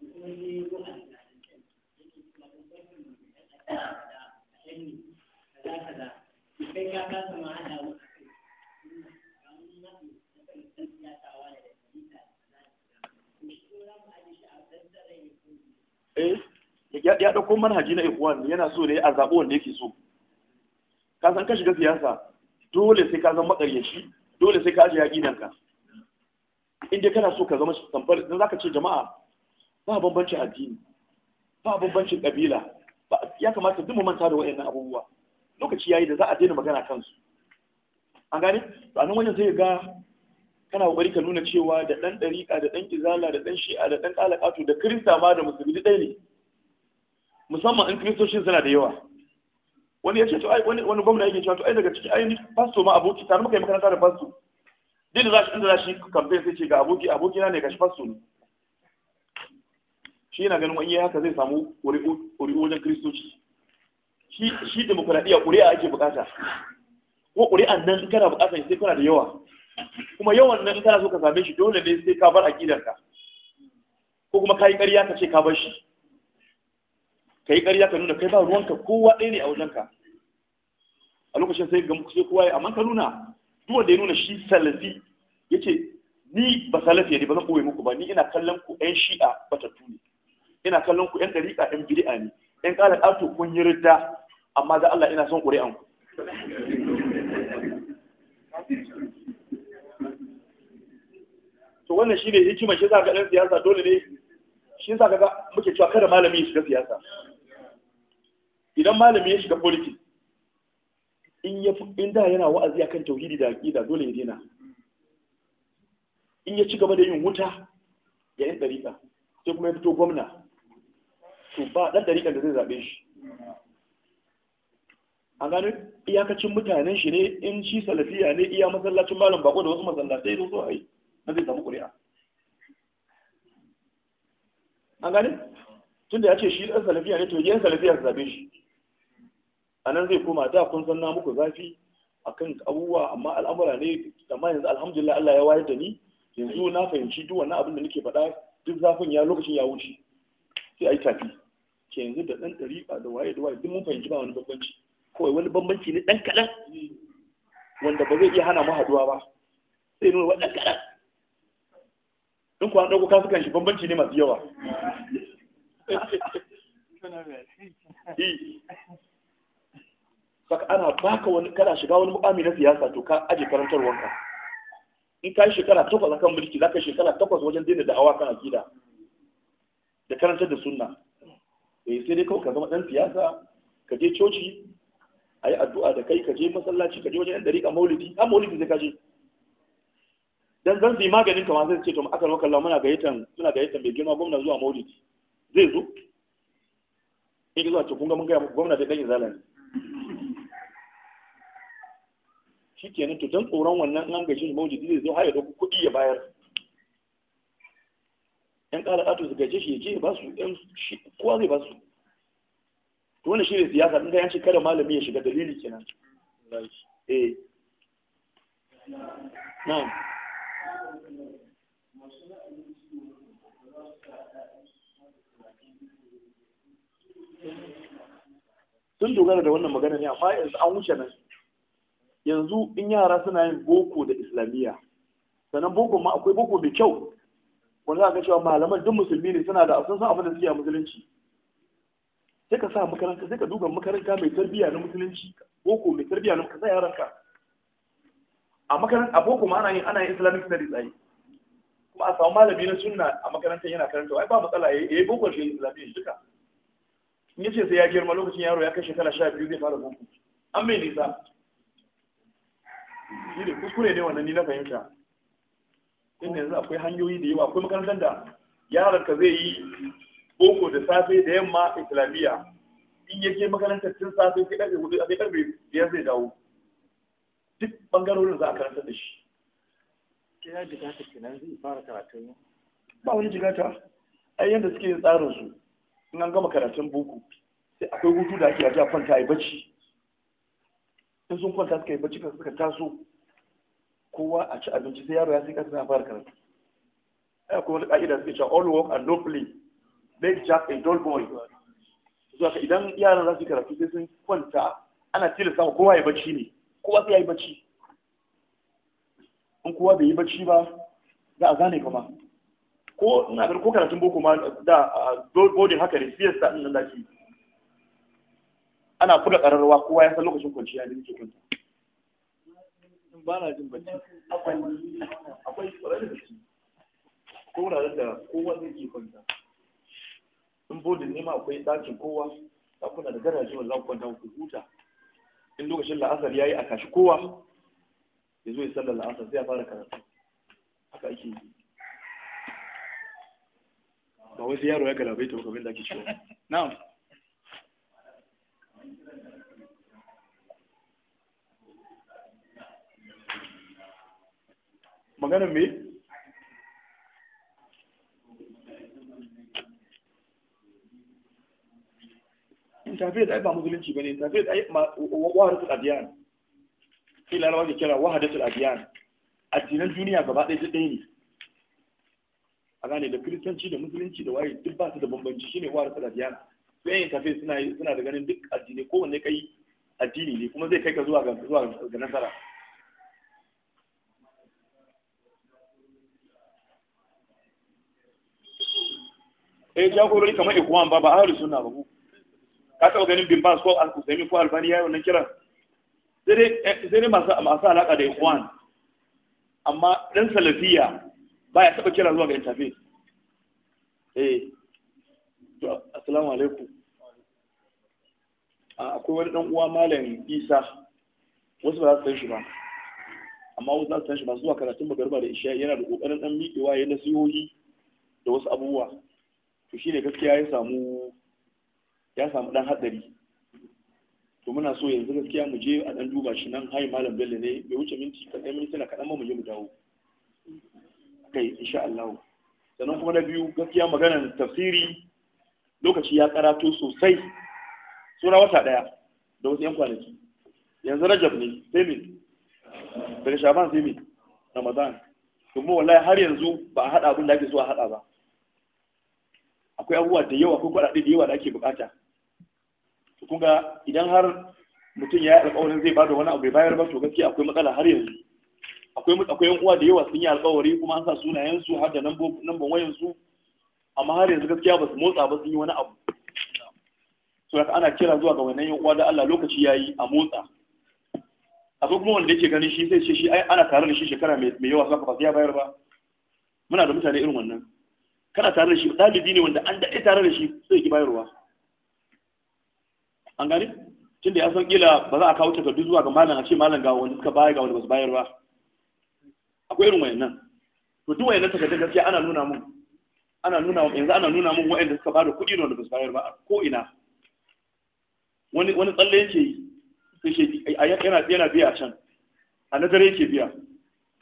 kuma ne ko a kai ka kasa ma na da eh ya ɗauko manhaji na ikuwan yana so ne a zaɓo wanda yake so ka san ka shiga siyasa dole sai ka zama maƙaryaci dole sai ka ajiye yaƙinanka inda kana so ka zama tamfar dan zaka ce jama'a ba bambancin addini ba bambancin kabila ya kamata duk mu manta da wayannan abubuwa lokaci yayi da za a daina magana kansu an gane to anan wajen zai ga kana kokari ka nuna cewa da dan dariƙa da dan izala da dan shi'a da dan kalakatu da kirista ma da musulmi ɗaya ne musamman in kiristocin suna da yawa wani ya ce to ai wani gwamna yake cewa to ai daga ciki ai ni pasto ma aboki tare muka yi makaranta da pastor Din da za shi inda za shi sai ce ga aboki abokina ne ga shi fasto ne shi yana ganin wani haka zai samu ƙuri'u wajen kristoci shi demokuraɗiyya ƙuri'a ake bukata ko ƙuri'a nan in kana bukata sai kana da yawa kuma yawan nan in kana so ka same shi dole ne sai ka bar ka ko kuma ka yi ƙarya ka ce ka bar shi ka yi ƙarya ka nuna kai ba ruwanka kowa ɗaya ne a wajenka a lokacin sai ga sai kowa ya amma ka nuna duk da ya nuna shi salafi ce, ni ba salafi ne ba zan boye muku ba ni ina kallon ku ƴan shi'a batattu ne ina kallon ku ƴan dariƙa ƴan bid'a ne ƴan ƙara ƙato ah, kun yi ridda amma da Allah ina son ƙuri'an ku to wannan shi ne hikimar shi za ka ɗan siyasa dole ne shi za kaga muke cewa kada malami ya shiga siyasa idan malami ya shiga politics in da yana wa'azi akan tauhidi da aqida dole ya dena in ya ci gaba da yin wuta ya yin dariƙa sai kuma ya fito gwamna to ba dan dariƙan da zai zaɓe shi a ganin iyakacin mutanen shi ne in shi salafiya ne iya masallacin malam bako da wasu masallatai da zuwa yi na zai samu ƙuri'a an tun tunda ya ce shi ɗan salafiya ne to yan salafiya su zaɓe shi a nan zai koma da kun san na muku zafi akan abubuwa amma al'amura ne amma yanzu alhamdulillah Allah ya wayar da ni yanzu na fahimci duk wannan abin da nake faɗa duk zafin ya lokacin ya wuce sai ai tafi ke yanzu da ɗan ɗariƙa da waye da waye duk mun fahimci ba wani bambanci kawai wani bambanci ne ɗan kaɗan wanda ba zai iya hana mu haɗuwa ba sai nuna waɗan kaɗan in kuwa ɗauko kasu kan shi bambanci ne masu yawa eh. saka ana baka wani kana shiga wani mukami na siyasa to ka aje karantarwanka in ka yi shekara takwas akan mulki za ka yi shekara takwas wajen daina da'awa kan akida da karantar da sunna eh sai dai kawai ka zama dan siyasa ka je coci a yi addu'a da kai ka je masallaci ka je wajen yan dariƙa maulidi an maulidi zai ka je dan zan bi maganin ka ma zai ce to aka raka Allah muna gayyatan muna gayyatan bai girma gwamnati zuwa maulidi zai zo in zuwa to kun ga mun ga gwamna da dan izalani shi kenan to don tsoron wannan an gaji shi maujidi zai zo har ya dauko kuɗi ya bayar yan ƙara ƙato su gaje shi ya je ya ba su yan kowa zai ba su to wani shi ne siyasa ɗin yan ce kada malami ya shiga dalili kenan eh sun dogara da wannan magana ne amma yanzu an wuce nan yanzu in yara suna yin boko da islamiyya sannan boko ma akwai boko mai kyau wanda za ka cewa malaman duk musulmi ne suna da sun san abin da suke a musulunci sai ka sa makaranta sai ka duba makaranta mai tarbiyya na musulunci boko mai tarbiyya na kasa yaran ka a makaranta a boko ma ana yin ana yin islamic studies ai kuma a samu malami na sunna a makaranta yana karanta ai ba matsala yayi boko shi islamiyya duka in yace sai ya girma lokacin yaro ya kai shekara 12 zai fara boko an mai nisa shi ne kuskure ne wannan ni na fahimta inda yanzu akwai hanyoyi da yawa akwai makarantar da yaron ka zai yi boko da safe da yamma islamiyya in ya je makarantar tun safe sai ɗarfe hudu sai ɗarfe biyar zai dawo duk bangarorin za a karanta da shi ya jigata kenan zai fara karatun ba wani jigata ai yanda suke yin tsarin su in an gama karatun boko sai akwai hutu da ake ajiya kwanta a yi bacci in sun kwanta suka yi bacci kan suka taso kowa a ci abinci sai yaro ya sai kasa fara karatu ai akwai wani ka'ida suke cewa all work and no play make jack a dull boy zuwa idan yaran za su karatu sai sun kwanta ana tilasta ko kowa ya bacci ne kowa sai ya yi bacci in kowa bai yi bacci ba za a gane kama ko ina ga ko karatun boko ma da godin haka ne siyar sa nan da ke ana buga kararwa kowa ya san lokacin kwanciya ne ke kwanta ba na jin bacci akwai tsoron bacci ko na da kowa zai ke kwanta in bodin nema akwai ɗakin kowa ɗakuna da garaje wanda za ku kwanta ku huta in lokacin la'asar ya yi a kashi kowa ya zo ya sallar la'asar sai ya fara karatu haka ake yi ba wai sai yaro ya galabaita kamar da ake cewa na'am maganar me tafiya da ba musulunci bane tafiya da wahadatul adiyan sai larabawa ke kira wahadatul adiyan addinan duniya gaba ɗaya duk ɗaya ne a gane da kiristanci da musulunci da waye duk ba su da bambanci shine wahadatul adiyan sai yin tafiya suna suna da ganin duk addinai kowanne kai addini ne kuma zai kai ka zuwa ga zuwa ga nasara eh jagorori kamar ikuwan ba ba ahlus sunna ba ka taɓa ganin bin bas ko al-usaimi ko albani yayi wannan kiran sai dai eh, masu masu alaka da ikuwan amma dan salafiya ba ya taɓa kira zuwa ga intafe eh to assalamu alaikum akwai wani dan uwa malam isa wasu ba za su san shi ba amma wasu za su san shi ba zuwa karatun magarba da isha yana da kokarin dan miƙewa ya nasihohi da wasu abubuwa to shi ne gaskiya ya samu ya samu dan hadari to muna so yanzu gaskiya mu je a dan duba shi nan hai malam bello ne bai wuce minti dai minti na kaɗan ma mu je mu dawo kai insha Allah sannan kuma na biyu gaskiya maganar tafsiri lokaci ya karato sosai sura wata daya da wasu yan kwanaki yanzu rajab ne sai min daga shaban sai min ramadan kuma wallahi har yanzu ba a hada abin da ake so a hada ba akwai abubuwa da yawa akwai kwaɗaɗe da yawa da ake bukata to kun ga idan har mutum ya yi alƙawarin zai bada wani abu bai bayar ba to gaskiya akwai matsala har yanzu akwai akwai yan uwa da yawa sun yi alƙawari kuma an sa sunayen su har da namba wayan su amma har yanzu gaskiya ba su motsa ba sun yi wani abu to haka ana kira zuwa ga wannan yan uwa da Allah lokaci yayi a motsa akwai kuma wanda yake ganin shi zai ce shi ana tare da shi shekara mai yawa saka ba ya bayar ba muna da mutane irin wannan kana tare da shi ɗalibi ne wanda an daɗe tare da shi sai ki bayarwa an gani tun da ya san ƙila ba za a kawo takardu zuwa ga malam a ce malam ga wanda suka bayar ga wanda ba su bayar ba akwai irin wayannan to duk wayannan takardun gaskiya ana nuna mun ana nuna mun yanzu ana nuna mun wayanda suka bada kuɗi da wanda ba su bayar ba ko ina wani wani tsalle yake sai shi yana yana biya can a nazare yake biya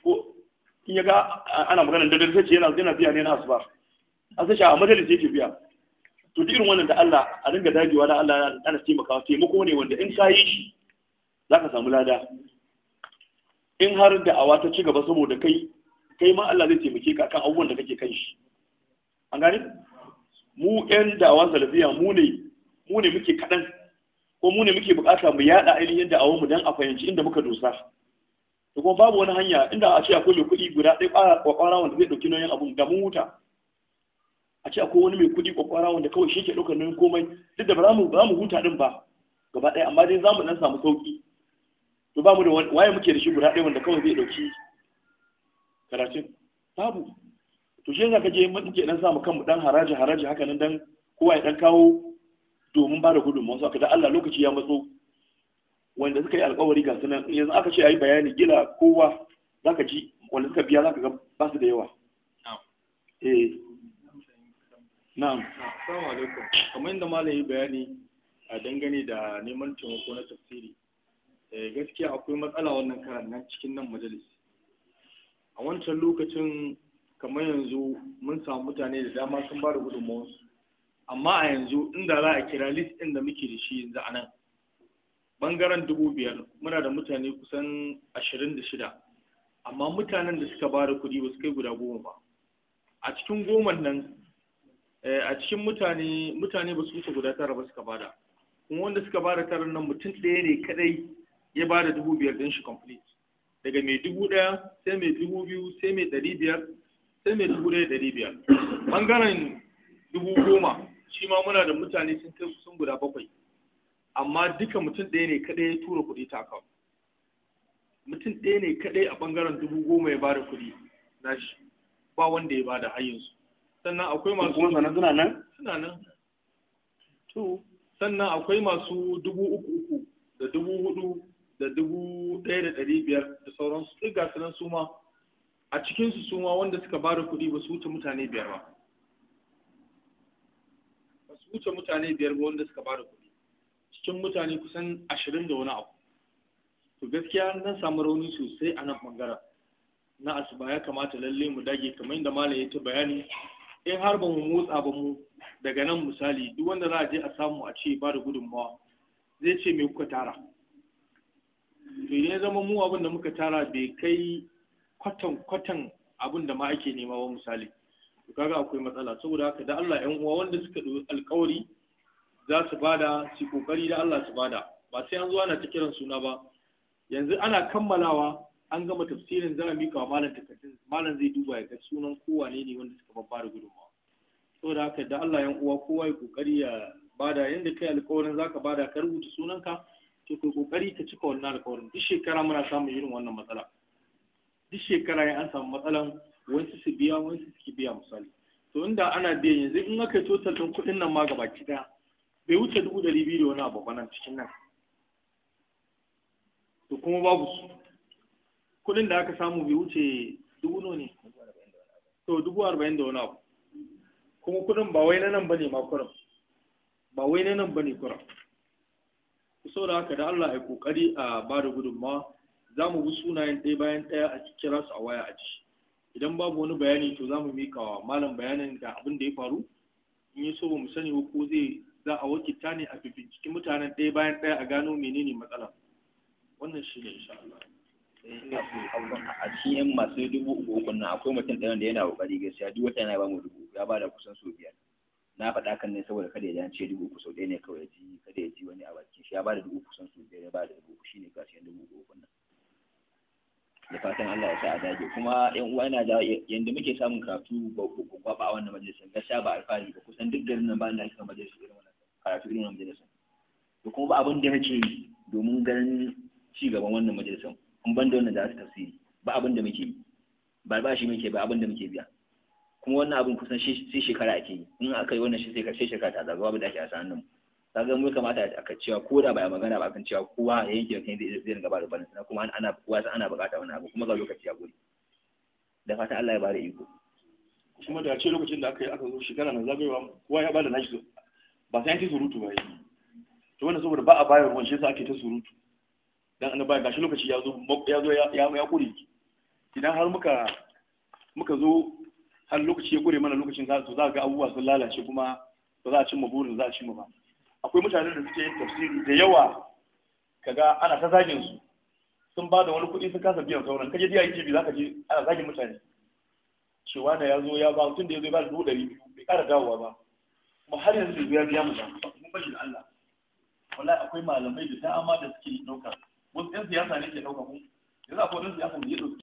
ko in ya ga ana magana da dare sai yana yana biya ne na asuba an san shi a majalis yake biya to duk irin wannan da Allah a dinga dagewa da Allah ana taimakawa taimako ne wanda in ka yi shi za ka samu lada in har da awa ta ci gaba saboda kai kai ma Allah zai taimake ka kan abubuwan da kake kan shi an gane mu ƴan da'awa salafiya mu ne mu ne muke kaɗan ko mu ne muke bukata mu yaɗa ainihin da'awar mu dan a fahimci inda muka dosa to kuma babu wani hanya inda a ce akwai mai kuɗi guda ɗaya ƙwara wanda zai ɗauki nauyin abun da mun huta a ce akwai wani mai kuɗi kwakwara wanda kawai shi ke ɗaukar nan komai duk da ba za mu huta ɗin ba gaba ɗaya amma dai za mu ɗan samu sauƙi to ba mu da waye muke da shi guda ɗaya wanda kawai zai ɗauki karatun babu to shi yasa je muke nan samu kanmu dan haraji haraji haka nan dan kowa ya dan kawo domin ba da gudunmawa wasu aka da Allah lokaci ya matso wanda suka yi alkawari ga sunan yanzu aka ce ayi bayani gila kowa Za ka ji wanda suka biya za ka ga ba su da yawa eh na'am assalamu alaikum kamar yadda malami bayani a dangane da neman taimako na tafsiri eh, gaskiya akwai matsala wannan karan nan cikin nan a wancan lokacin kamar yanzu mun samu mutane da dama sun ba da gudunmawarsu amma a yanzu inda za a kira list ɗin da muke da shi yanzu a nan ɓangaren dubu biyar muna da mutane kusan ashirin da shida amma mutanen da suka ba da kuɗi ba su kai guda goma ba a cikin goma nan Eh, a cikin mutane mutane ba su wuce guda tara ba suka bada kuma wanda suka bada tara nan mutum ɗaya ne kadai ya bada dubu biyar din shi complete daga mai dubu ɗaya sai mai dubu biyu sai mai ɗari biyar sai mai dubu ɗaya ɗari biyar ɓangaren dubu goma shi ma muna da mutane sun kai sun guda bakwai amma duka mutum ɗaya ne kadai ya tura kuɗi ta kawo mutum ɗaya ne kadai a ɓangaren dubu goma ya bada kuɗi na shi ba wanda ya bada hanyarsu. sannan akwai masu kuma sannan suna nan suna nan to sannan akwai masu dubu uku uku da dubu hudu da dubu ɗaya da ɗari biyar da sauransu duk ga su nan su ma a cikinsu su ma wanda suka ba da kuɗi ba su wuce mutane biyar ba ba su wuce mutane biyar ba wanda suka ba da kuɗi cikin mutane kusan ashirin da wani abu to gaskiya nan samu rauni sosai a nan ɓangaren na asuba ya kamata lalle mu dage kamar yadda malam ya ta bayani in har ba mu motsa ba mu daga nan misali duk wanda za a je a samu a ce ba da gudunmawa zai ce me kuka tara to idan ya zama mu abin da muka tara bai kai kwatan kwatan abin da ma ake nema ba misali to kaga akwai matsala saboda haka da Allah ƴan uwa wanda suka ɗauki alƙawari za su bada su kokari da Allah su bada ba sai an zo ana ta kiran suna ba yanzu ana kammalawa an gama tafsirin za a mika wa malam takardun malam zai duba ya ga sunan kowa ne ne wanda suka babba da gudunmawa saboda haka da Allah yan uwa kowa ya kokari ya bada yanda kai alƙawarin zaka bada ka rubuta sunanka to kai kokari ka cika wannan alƙawarin duk shekara muna samun irin wannan matsala duk shekara ya an samu matsalan wasu su biya wasu su biya misali to inda ana biya yanzu in aka total din kuɗin nan ma gaba ki ɗaya bai wuce dubu ɗari biyu da wani abu ba nan cikin nan to kuma babu su Kudin da aka samu bai wuce dubu ne to dubu arba'in da wani abu kuma kudin ba wai na nan bane ma kurin ba wai na nan bane kurin so da haka da Allah ya kokari a ba da gudunmawa za mu bi sunayen ɗaya bayan ɗaya a kira su a waya a ci idan babu wani bayani to za mu mika wa malam bayanin da abin da ya faru in yi so ba mu sani ko zai za a wakilta ne a cikin mutanen ɗaya bayan ɗaya a gano menene matsala? wannan shi ne insha a cikin masu dubu uku uku na, akwai mutum ɗaya da yana kokari gaskiya duk wata yana ba mu dubu ya bada kusan sau biyar na faɗa kan ne saboda kada ya ce dubu uku sau ɗaya ne kawai ji kada ya ji wani a bakin shi ya bada dubu uku kusan sau biyar ya ba da dubu uku ne kasuwan dubu uku uku nan da fatan Allah ya sa a dage kuma yan uwa yana da yanda muke samun karatu ba a wannan majalisar gaskiya ba alfahari ba kusan duk garin nan ba na cikin majalisar irin wannan karatu irin wannan majalisar da kuma ba abin da nake domin ganin ci gaban wannan majalisar in ban da wannan da su tafsiri ba abin da muke yi ba ba shi muke ba abin da muke biya kuma wannan abin kusan sai shekara ake yi in aka yi wannan shi sai karshe shekara ta zagawa ba da ake a sa'an nan kaga mu kamata a ka cewa ko da ba a magana ba kan cewa kowa ya yanke kan zai ga gaba da balance kuma ana kowa sai ana bukata wannan abu kuma ga lokaci a gudu da fata Allah ya bada iko kuma da ce lokacin da aka yi aka zo shekara na zagayewa kowa ya bada nashi ba sai an ci surutu ba to wannan saboda ba a bayar ruwan shi yasa ake ta surutu dan ga gashi lokaci ya zo ya zo ya ya kure idan har muka muka zo har lokaci ya kure mana lokacin za su za ga abubuwa sun lalace kuma ba za a cimma burin za a cimma ba akwai mutanen da suke tafsiri da yawa kaga ana ta zagin su sun ba da wani kuɗi sun kasa biyan sauran kaje biya yi za ka je ana zagin mutane cewa da ya zo ya ba tun da ya zo ya ba da dubu ɗari biyu bai ƙara dawowa ba kuma har yanzu bai biya mu ba mun bashi da Allah wallahi akwai malamai da dama da suke ɗaukar wasu 'yan siyasa ne ke ɗauka mu yanzu akwai wani siyasa da ya ɗauki